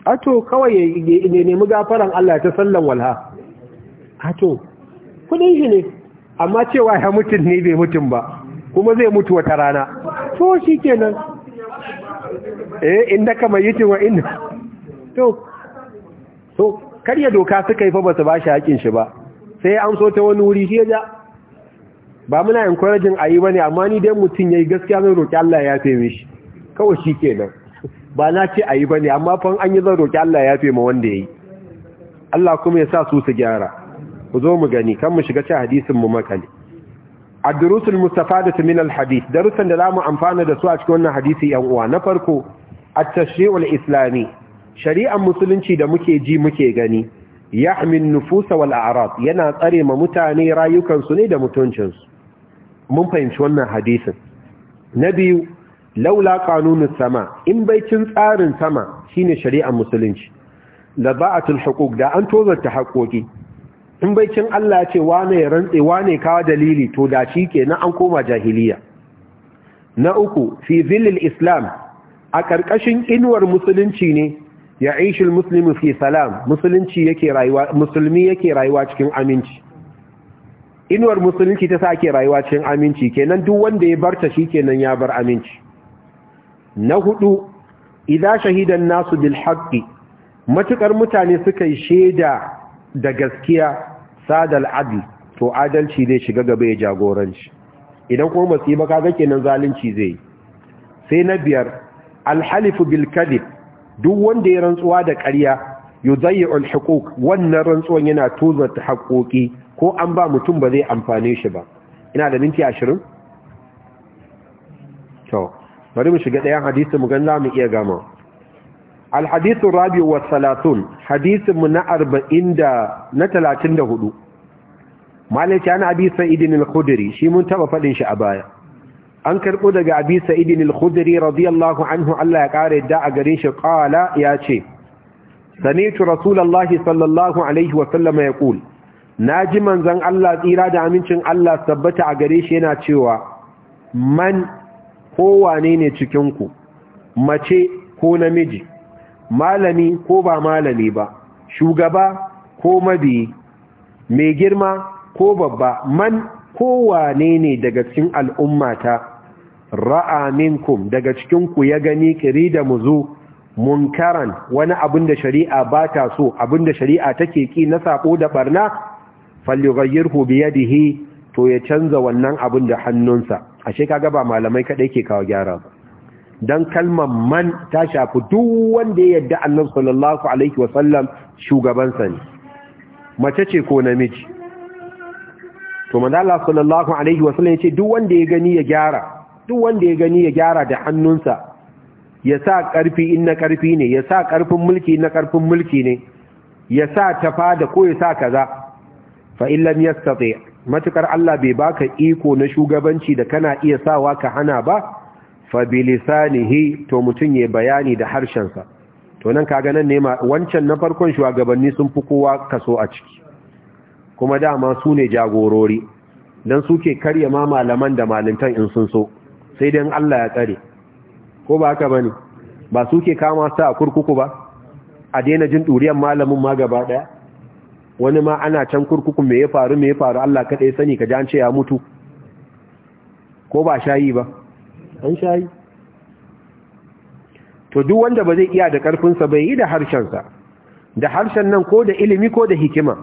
ato kawai ne nemi gafaran Allah ta sallan walha ato kudin shi ne amma cewa ya mutu ne bai mutum ba kuma zai mutu wata rana to shikenan eh mai mayitin wa inda to to karya doka suka yi fa ba su ba shi haƙin shi ba sai an so ta wani wuri shi ya ba muna encouraging a yi ba ne amma ni dai mutum ya yi gaskiya zan roƙi Allah ya fi mishi kawai shi kenan ba na ce a yi ba ne amma fa an yi zan roƙi Allah ya fi ma wanda ya yi Allah kuma ya sa su su gyara ku zo mu gani kan mu shiga cin hadisin mu makali ad-durusul da min al-hadith darussan da mu amfana da su a cikin wannan hadisi yan uwa na farko at-tashri'ul islami shari'ar musulunci da muke ji muke gani yahmin nufusa wal Arab, yana tsare ma mutane rayukansu ne da mutuncinsu mun fahimci wannan hadisin na biyu laula qanunin sama in baicin tsarin sama shine shari'ar musulunci da ba'atul huquq da an tozarta haƙoƙi in baicin Allah ce wane ya rantse wane kawo dalili to da shi kenan an koma jahiliya na uku fi zillil islam a ƙarƙashin inuwar musulunci ne ya aishil musulmi fi salam musulunci yake rayuwa musulmi yake rayuwa cikin aminci inuwar musulunci ta sake rayuwa cikin aminci kenan duk wanda ya barta shi kenan ya bar aminci na hudu idan shahidan nasu bil haqqi matukar mutane suka yi shaida da gaskiya sadal adl to adalci zai shiga gaba ya jagoranci idan kuma musiba kaga kenan zalunci zai sai na biyar alhalifu bil duk wanda ya rantsuwa da ƙarya yudayyi'ul huquq wannan rantsuwan yana ta haƙoƙi ko an ba mutum ba zai amfane shi ba ina da minti 20 to bari mu shiga ɗayan hadisi mu ganza mu iya gama alhadisu rabi wa salatun hadisin mu na arba'in da na talatin da hudu malaita na abi sa'idin al-khudri shi mun taba faɗin shi a baya an karɓo daga abi sa'idin al-khudri radiyallahu anhu Allah ya ƙara da a gare shi qala ya ce sami'tu rasulullahi sallallahu alaihi wa sallama Na naji manzon Allah tsira da amincin Allah tabbata a gare shi yana cewa man ko ne cikin ku mace ko namiji malami ko ba malami ba shugaba ko mabiyi mai girma ko babba man kowane ne daga cikin al'ummata ra'a minkum daga cikin ku ya gani kiri da muzu munkaran wani abin da shari'a ba ta so abin da shari'a take ki na sako da barna falyughayyirhu bi yadihi to ya canza wannan abin da hannunsa ashe kaga ba malamai kadai ke kawo gyara ba dan kalmar man ta shafi duk wanda ya yadda annabi sallallahu alaihi wasallam sa ne mace ce ko namiji to manzo Allah sallallahu alaihi wasallam ya ce duk wanda ya gani ya gyara duk wanda ya gani ya gyara da hannunsa ya sa ƙarfi in na ƙarfi ne ya sa ƙarfin mulki na ƙarfin mulki ne ya sa tafa da ko ya sa kaza fa illam yastati matukar Allah bai baka iko na shugabanci da kana iya sawa ka hana ba fa lisanihi to mutun ya bayani da harshensa to nan kaga nan ne wancan na farkon shugabanni sun fi kowa kaso a ciki kuma dama su ne jagorori dan suke karya ma malaman da malintan in sun so sai dai Allah ya tsare ko ba haka bane ba su ke kama su a kurkuku ba a daina jin ɗuriyar malamin ma gaba ɗaya wani ma ana can kurkuku me ya faru me ya faru Allah kaɗai sani ka ji an ce ya mutu ko ba shayi ba an shayi to duk wanda ba zai iya da ƙarfinsa bai yi da harshen sa. da harshen nan ko da ilimi ko da hikima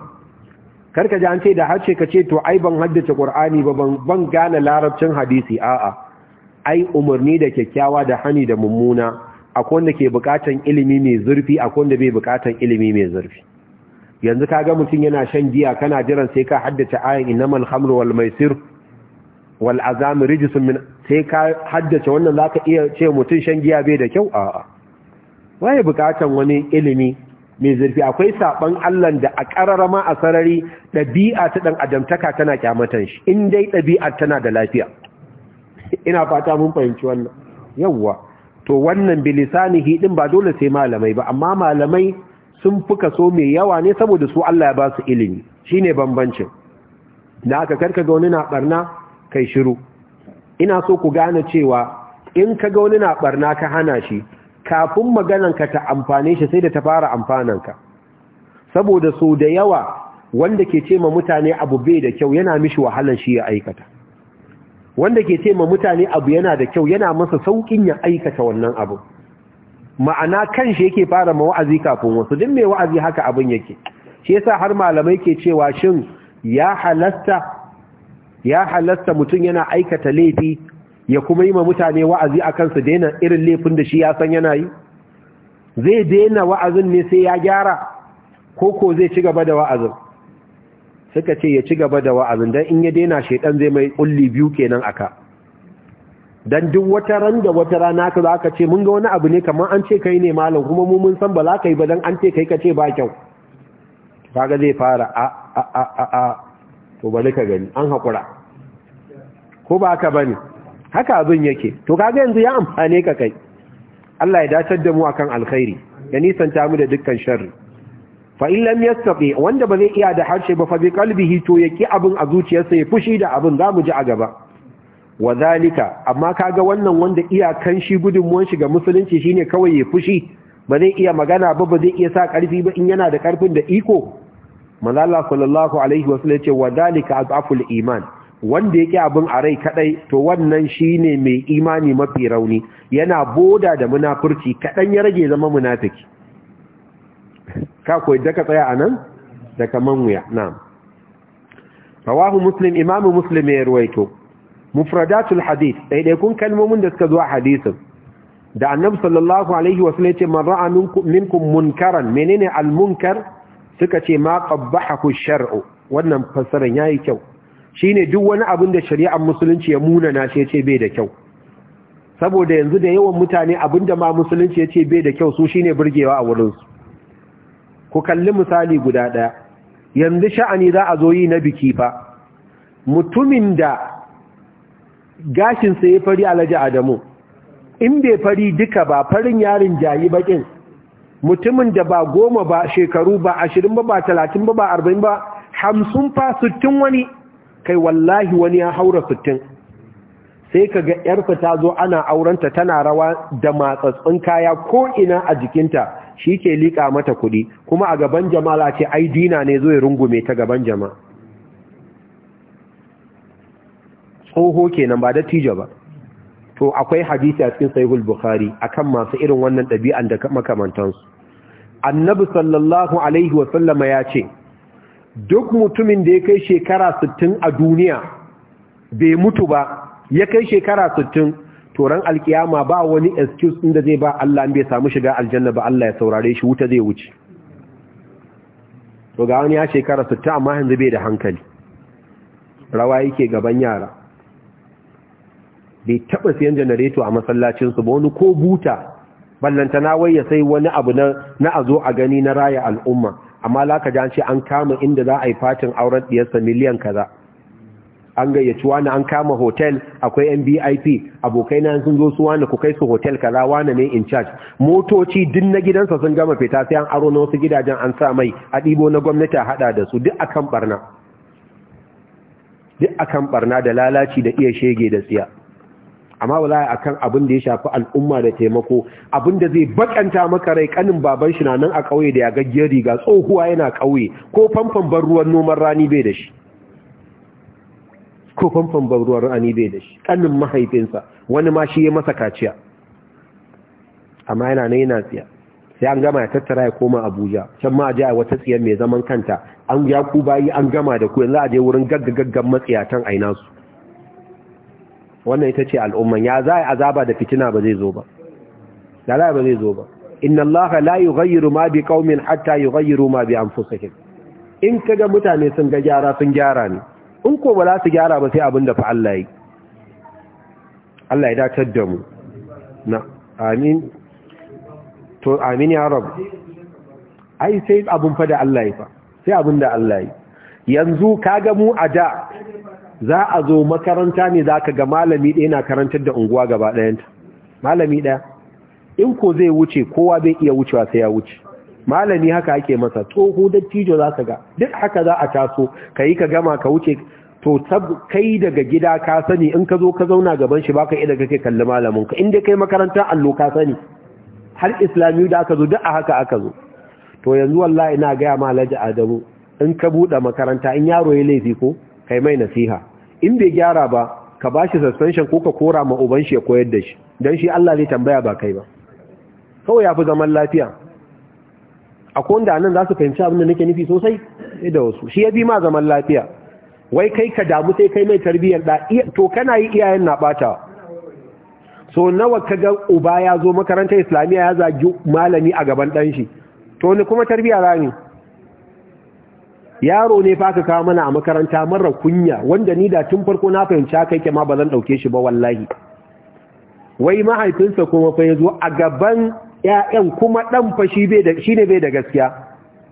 karka ji an ce da harshe ka ce to ai ban haddace ƙur'ani ba ban gane larabcin hadisi a'a ai umarni da kyakkyawa da hani da mummuna akwai wanda ke bukatan ilimi mai zurfi akwai wanda bai bukatan ilimi mai zurfi yanzu kaga mutum yana shan giya kana jiran sai ka haddace ayin innamal khamru wal maisir wal azam rijsun min sai ka haddace wannan zaka iya ce mutum shan giya bai da kyau a'a waye bukatan wani ilimi mai zurfi akwai saban Allah da a karara ma a sarari ɗabi'a ta ɗan adamtaka tana kyamatan shi in dai ɗabi'a tana da lafiya ina fata mun fahimci wannan yawwa to wannan bilisanihi din ba dole sai malamai ba amma malamai sun fi so mai yawa ne saboda su Allah ya ba su ilimi shine bambancin da aka karka ga wani na barna kai shiru ina so ku gane cewa in ka ga wani na barna ka hana shi kafin maganarka ta amfane shi sai da ta fara amfananka saboda su da yawa wanda ke ce ma mutane abu bai da kyau yana mishi wahalar shi ya aikata wanda ke ce ma mutane abu yana da kyau yana masa saukin ya aikata wannan abu ma'ana kan shi yake fara ma wa'azi kafin wasu din mai wa'azi haka abin yake shi yasa har malamai ke cewa shin ya halasta ya halasta mutum yana aikata laifi ya kuma yi ma mutane wa'azi akan su daina irin laifin da shi ya san yana yi zai daina wa'azin ne sai ya gyara ko zai ci gaba da wa'azin suka ce ya ci gaba da wa'azin don in ya daina shaidan zai mai kulli biyu kenan aka don duk wata ran da wata rana ka ka ce mun ga wani abu ne kamar an ce kai ne malam kuma mu mun san ba za ka yi ba don an ce kai ka ce ba kyau kaga zai fara a a a a, a. to bari ka gani an haƙura. ko ba ba bane haka abin yake to kaga yanzu ya amfane ka kai Allah ya dace da mu akan alkhairi ya nisanta mu da dukkan sharri fa in wanda ba zai iya da harshe ba fa kalbi hito ya ki abin a zuciyarsa ya fushi da abin za mu ji a gaba wa zalika amma kaga wannan wanda iya kan shi gudunmuwan shi ga musulunci shine kawai ya fushi ba zai iya magana ba ba zai iya sa karfi ba in yana da karfin da iko mazala Allah sallallahu alaihi wasallam ce wa zalika azaful iman wanda ya ki abin a rai kadai to wannan shine mai imani mafi rauni yana boda da munafurci kadan ya rage zama munafiki ka da daga tsaya anan nan daga manwuya na'am rawahu muslim imamu muslim ya ruwaito mufradatul hadith kun kalmomin da suka zuwa hadisin da annabi sallallahu alaihi wasallam ce man ra'a minkum munkaran menene al-munkar suka ce ma qabbahahu shar'u wannan fassarar yayi kyau shine duk wani abin da sharia musulunci ya muna na shi yace bai da kyau saboda yanzu da yawan mutane abinda ma musulunci ya ce bai da kyau su shine burgewa a wurin su ku kalli misali guda ɗaya yanzu sha'ani za a zo yi na biki fa mutumin da gashinsa ya fari alaji adamu in bai fari duka ba farin yarin jayi bakin mutumin da ba goma ba shekaru ba ashirin ba ba talatin ba ba arba'in ba hamsin fa sittin wani kai wallahi wani ya haura sittin sai ka ga yarfa ta zo ana aurenta tana rawa da matsatsun kaya ko ina a jikinta shi ke liƙa mata kuɗi kuma a gaban jama'a ce ai dina ne zo ya rungume ta gaban jama'a tsoho kenan ba dattijo ba to akwai hadisi a cikin sahihul bukhari akan masu irin wannan ɗabi'an da makamantansu annabi sallallahu alaihi wa ya ce duk mutumin da ya kai shekara sittin a duniya bai mutu ba ya kai shekara sittin toran alkiyama ba wani excuse inda zai ba Allah bai samu shiga aljanna ba Allah ya saurare shi wuta zai wuce to ga wani ya shekara sittin amma yanzu bai da hankali rawa yake gaban yara bai taɓa siyan janareto a masallacinsu ba wani ko buta ballantana wai ya sai wani abu na a zo a gani na raya al'umma amma laka ji an ce an kama inda za a yi fatin auren ɗiyarsa miliyan kaza an gayyaci wani an kama hotel akwai mbip abokai na sun zo su wani ku kai su hotel kaza wani ne in charge motoci din na gidansa sun gama fita sai an aro na wasu gidajen an sa mai a ɗibo na gwamnati a haɗa da su duk akan barna duk akan barna da lalaci da iya shege da tsiya amma wallahi akan abin da ya shafi al'umma da taimako abin da zai bakanta maka rai kanin baban shi na nan a kauye da ya gaggiyar riga tsohuwa yana ƙauye, ko famfan ban ruwan noman rani bai da shi ko famfan ruwan ra'ani bai da shi kanin mahaifinsa wani ma shi ya masa kaciya amma yana nan yana tsiya sai an gama ya tattara ya koma abuja can ma a je wata tsiyar mai zaman kanta an ya ku bayi an gama da ku yanzu a je wurin gaggagaggan matsiyatan aina su wannan ita ce al'umman ya za a azaba da fitina ba zai zo ba da la ba zai zo ba inna allaha la yughayyiru ma bi qaumin hatta yughayyiru ma bi anfusihim in kaga mutane sun ga gyara sun gyara ne in ko ba za su gyara ba sai abin da fa Allah yi Allah ya dace da mu na amin to amin ya rab ai sai abin fa da Allah ya fa sai abin da Allah yi yanzu kaga mu a da za a zo makaranta ne za ka ga malami ɗaya na karantar da unguwa gaba ɗayanta malami ɗaya in ko zai wuce kowa bai iya wucewa sai ya wuce malami haka ake masa tsoho dattijo za ka ga duk haka za a taso ka yi ka gama ka wuce to kai daga gida ka sani in ka zo ka zauna gaban shi baka iya daga kai kalli malamin ka inda kai makarantar allo ka sani har islamiyu da aka zo duk a haka aka zo to yanzu wallahi ina gaya ma laji adamu in ka buɗe makaranta in yaro ya laifi ko kai mai nasiha in bai gyara ba ka ba shi suspension ko ka kora ma uban shi ya koyar da shi don shi Allah zai tambaya ba kai ba kawai ya fi zaman lafiya akwai wanda nan za su fahimci abin da nake nufi sosai da wasu shi ya bi ma zaman lafiya wai kai ka damu sai kai mai tarbiyyar da to kana yi iyayen na bata so nawa ka ga uba ya zo makarantar islamiyya ya zagi malami a gaban dan shi to ni kuma tarbiyya za ni yaro ne fa ka kawo mana a makaranta mara kunya wanda ni da tun farko na fahimci haka ke ma ba zan dauke shi ba wallahi wai mahaifinsa kuma fa ya zo a gaban yayan kuma ɗan fashi shi ne bai da gaskiya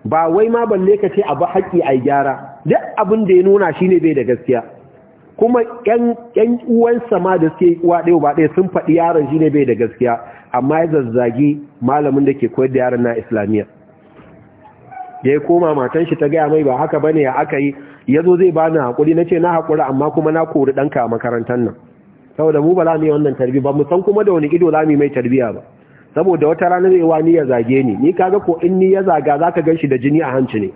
ba wai ma balle ka ce abu haƙi a gyara duk abin da ya nuna shi ne bai da gaskiya kuma 'yan uwansa ma da suke uwa ɗaya ba ɗaya sun faɗi yaron shi ne bai da gaskiya amma ya zazzagi malamin da ke koyar da yaron na islamiyya ya koma matan shi ta gaya mai ba haka bane ya aka yi ya zo zai bani hakuri na ce na hakuri amma kuma na kori ɗanka a makarantar nan saboda mu ba za mu yi wannan tarbi ba mu san kuma da wani ido za mu yi mai tarbiya ba saboda wata rana zai wa ni ya zage ni ni kaga ko in ni ya zaga zaka ganshi da jini a hanci ne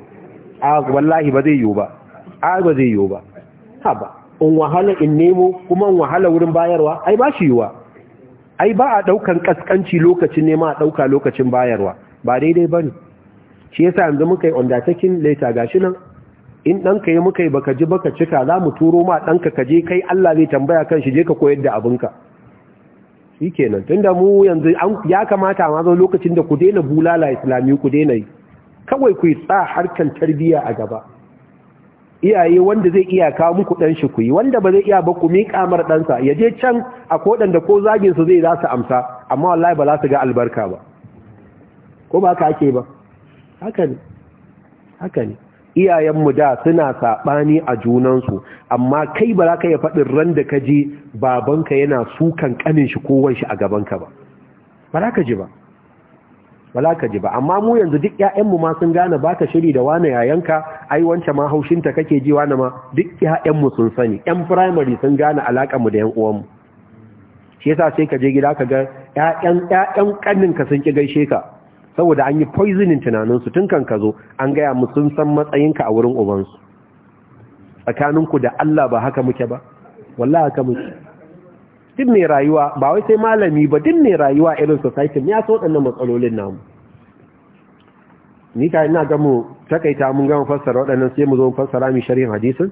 a wallahi ba zai yiwu ba a ba zai yiwu ba haba in wahala in nemo kuma wahala wurin bayarwa ai ba shi yiwa ai ba a daukan kaskanci lokacin nema a dauka lokacin bayarwa ba daidai bane shi yasa yanzu muka yi undertaking later gashi nan in ka yi muka yi baka ji baka cika za mu turo ma ɗanka ka je kai Allah zai tambaya kan shi je ka koyar da abinka shi kenan tunda mu yanzu ya kamata ma zo lokacin da ku daina bulala islami ku daina yi kawai ku yi tsa harkan tarbiyya a gaba iyaye wanda zai iya kawo muku dan shi ku yi wanda ba zai iya ba ku miƙa mar ɗansa ya je can a kodan da ko zagin su zai za su amsa amma wallahi ba za su ga albarka ba ko ba ka ake ba haka ne haka ne iyayenmu da suna saɓani a junansu amma kai ba za ka iya faɗin ran da ka ji babanka yana sukan ƙanin shi kowanshi a gabanka ba ba za ka ji ba ba za ka ji ba amma mu yanzu duk ƴaƴanmu ma sun gane ba ka shiri da wani yayanka ai wance ma haushinta kake ji wani ma duk ƴaƴanmu sun sani ƴan firamare sun gane mu da ƴan uwanmu shi yasa sai ka je gida ka ga 'ya'yan ƴaƴan ƙaninka sun ƙi gaishe ka saboda an yi poisoning tunaninsu tun kan ka zo an gaya mu sun san matsayinka a wurin ubansu tsakaninku da Allah ba haka muke ba wallahi haka muke duk mai rayuwa ba wai sai malami ba duk mai rayuwa irin society ya so waɗannan matsalolin namu ni kai ina ga mu takaita mun gama fassara waɗannan sai mu zo fassara mi sharhin hadisin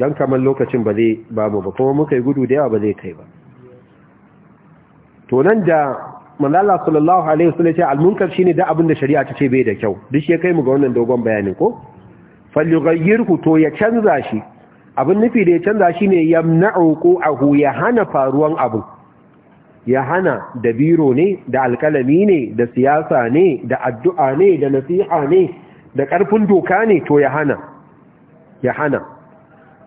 dan kamar lokacin ba zai babu ba kuma muka yi gudu da yawa ba zai kai ba to nan da Malala Allah sallallahu alaihi wasallam ya ce al-munkar shine da abin da shari'a ta ce bai da kyau duk ya kai mu ga wannan dogon bayanin ko falyughayyirhu to ya canza shi abin nufi da ya canza shi ne yamna'u qu'ahu ya hana faruwan abu ya hana da biro ne da alkalami ne da siyasa ne da addu'a ne da nasiha ne da karfin doka ne to ya hana ya hana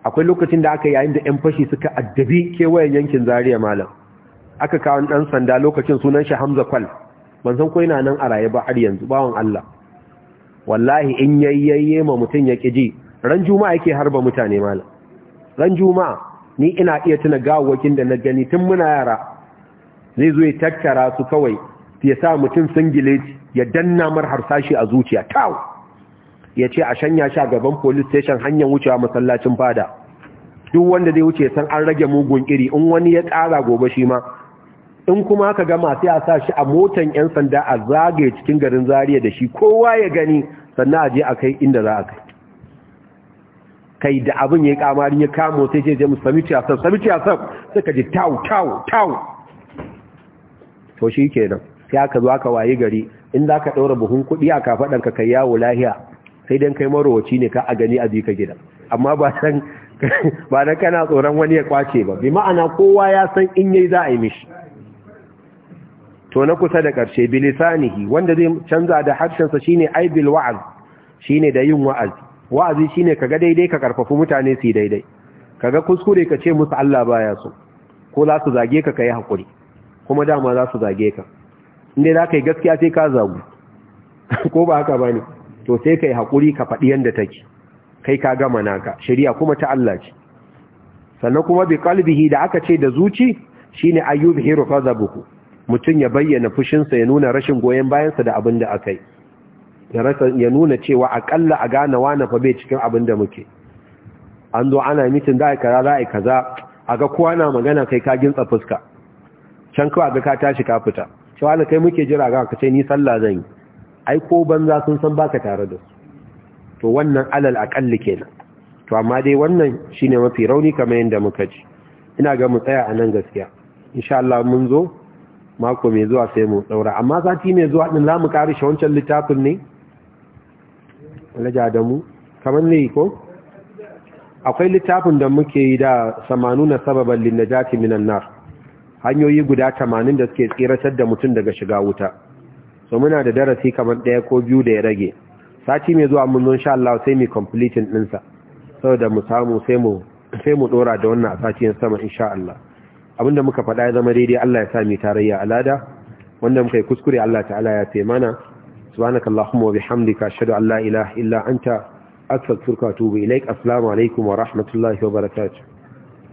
akwai lokacin da aka yayin da 'yan fashi suka addabi kewayen yankin zariya malam aka kawo ɗan sanda lokacin sunan shi Hamza Kwal ban san ko yana nan a raye ba har yanzu bawon Allah wallahi in yayyaye ma mutun ya kiji ran juma'a yake harba mutane mala ran juma'a ni ina iya tuna gawakin da na gani tun muna yara zai zo ya tattara su kawai ya sa mutum singile ya danna mar harsashi a zuciya taw ya ce a shanya sha gaban police station hanyar wucewa masallacin fada duk wanda zai wuce san an rage mugun iri in wani ya tsara gobe shi ma in kuma ka gama sai a sa shi a motan 'yan sanda a zagaye cikin garin zariya da shi kowa ya gani sannan a je a kai inda za a kai kai da abin ya yi kamarin ya kamo sai ce a mu sami a sami sai suka ji tau tau tau to shi ke nan sai aka zo ka waye gari in za ka ɗaura buhun kuɗi a kafaɗan ka kai yawo lahiya sai dan kai marowaci ne ka a gani a bi gida amma ba san ba kana tsoron wani ya kwace ba bi ma'ana kowa ya san in yayi za a yi mishi to na kusa da ƙarshe bilisanihi wanda zai canza da harshensa shine aibil wa'az shine da yin wa'az wa'azi shine kaga daidai ka karfafu mutane su daidai kaga kuskure ka ce musu Allah baya so ko za su zage ka kai hakuri kuma dama za su zage ka inda za ka yi gaskiya sai ka zagu ko ba haka bane to sai kai hakuri ka faɗi yanda take kai ka gama naka shari'a kuma ta Allah ce sannan kuma bi qalbihi da aka ce da zuci shine ayyub hiru fadabuhu mutum ya bayyana fushinsa ya nuna rashin goyon bayansa da abin da aka yi ya nuna cewa akalla a gane wane fa bai cikin abin da muke an zo ana mitin za a kaza za a kaza a ga kowa na magana kai ka gintsa fuska can kawai ga ka tashi ka fita cewa da kai muke jira ga ka ce ni sallah zan yi ai ko banza sun san baka tare da su to wannan alal akalla kenan to amma dai wannan shine mafi rauni kamar yadda muka ji ina ga mu tsaya a nan gaskiya insha Allah mun zo mako mai zuwa sai mu daura amma sati mai zuwa din zamu shi wancan littafin ne alaja da mu kamar ne ko akwai littafin da muke yi da samanuna sababan linnajati minan nar hanyoyi guda 80 da suke tsiratar da mutum daga shiga wuta so muna da darasi kamar daya ko biyu da ya rage sati mai zuwa mun zo insha Allah sai mu completing din sa saboda mu samu sai mu sai mu dora da wannan a sama insha Allah abinda muka faɗa ya zama daidai Allah ya sa mu tarayya alada wanda muka yi kuskure Allah ta'ala ya ce mana subhanakallahumma wa bihamdika ashhadu an la ilaha illa anta astaghfiruka wa atubu ilaik assalamu alaikum wa rahmatullahi wa barakatuh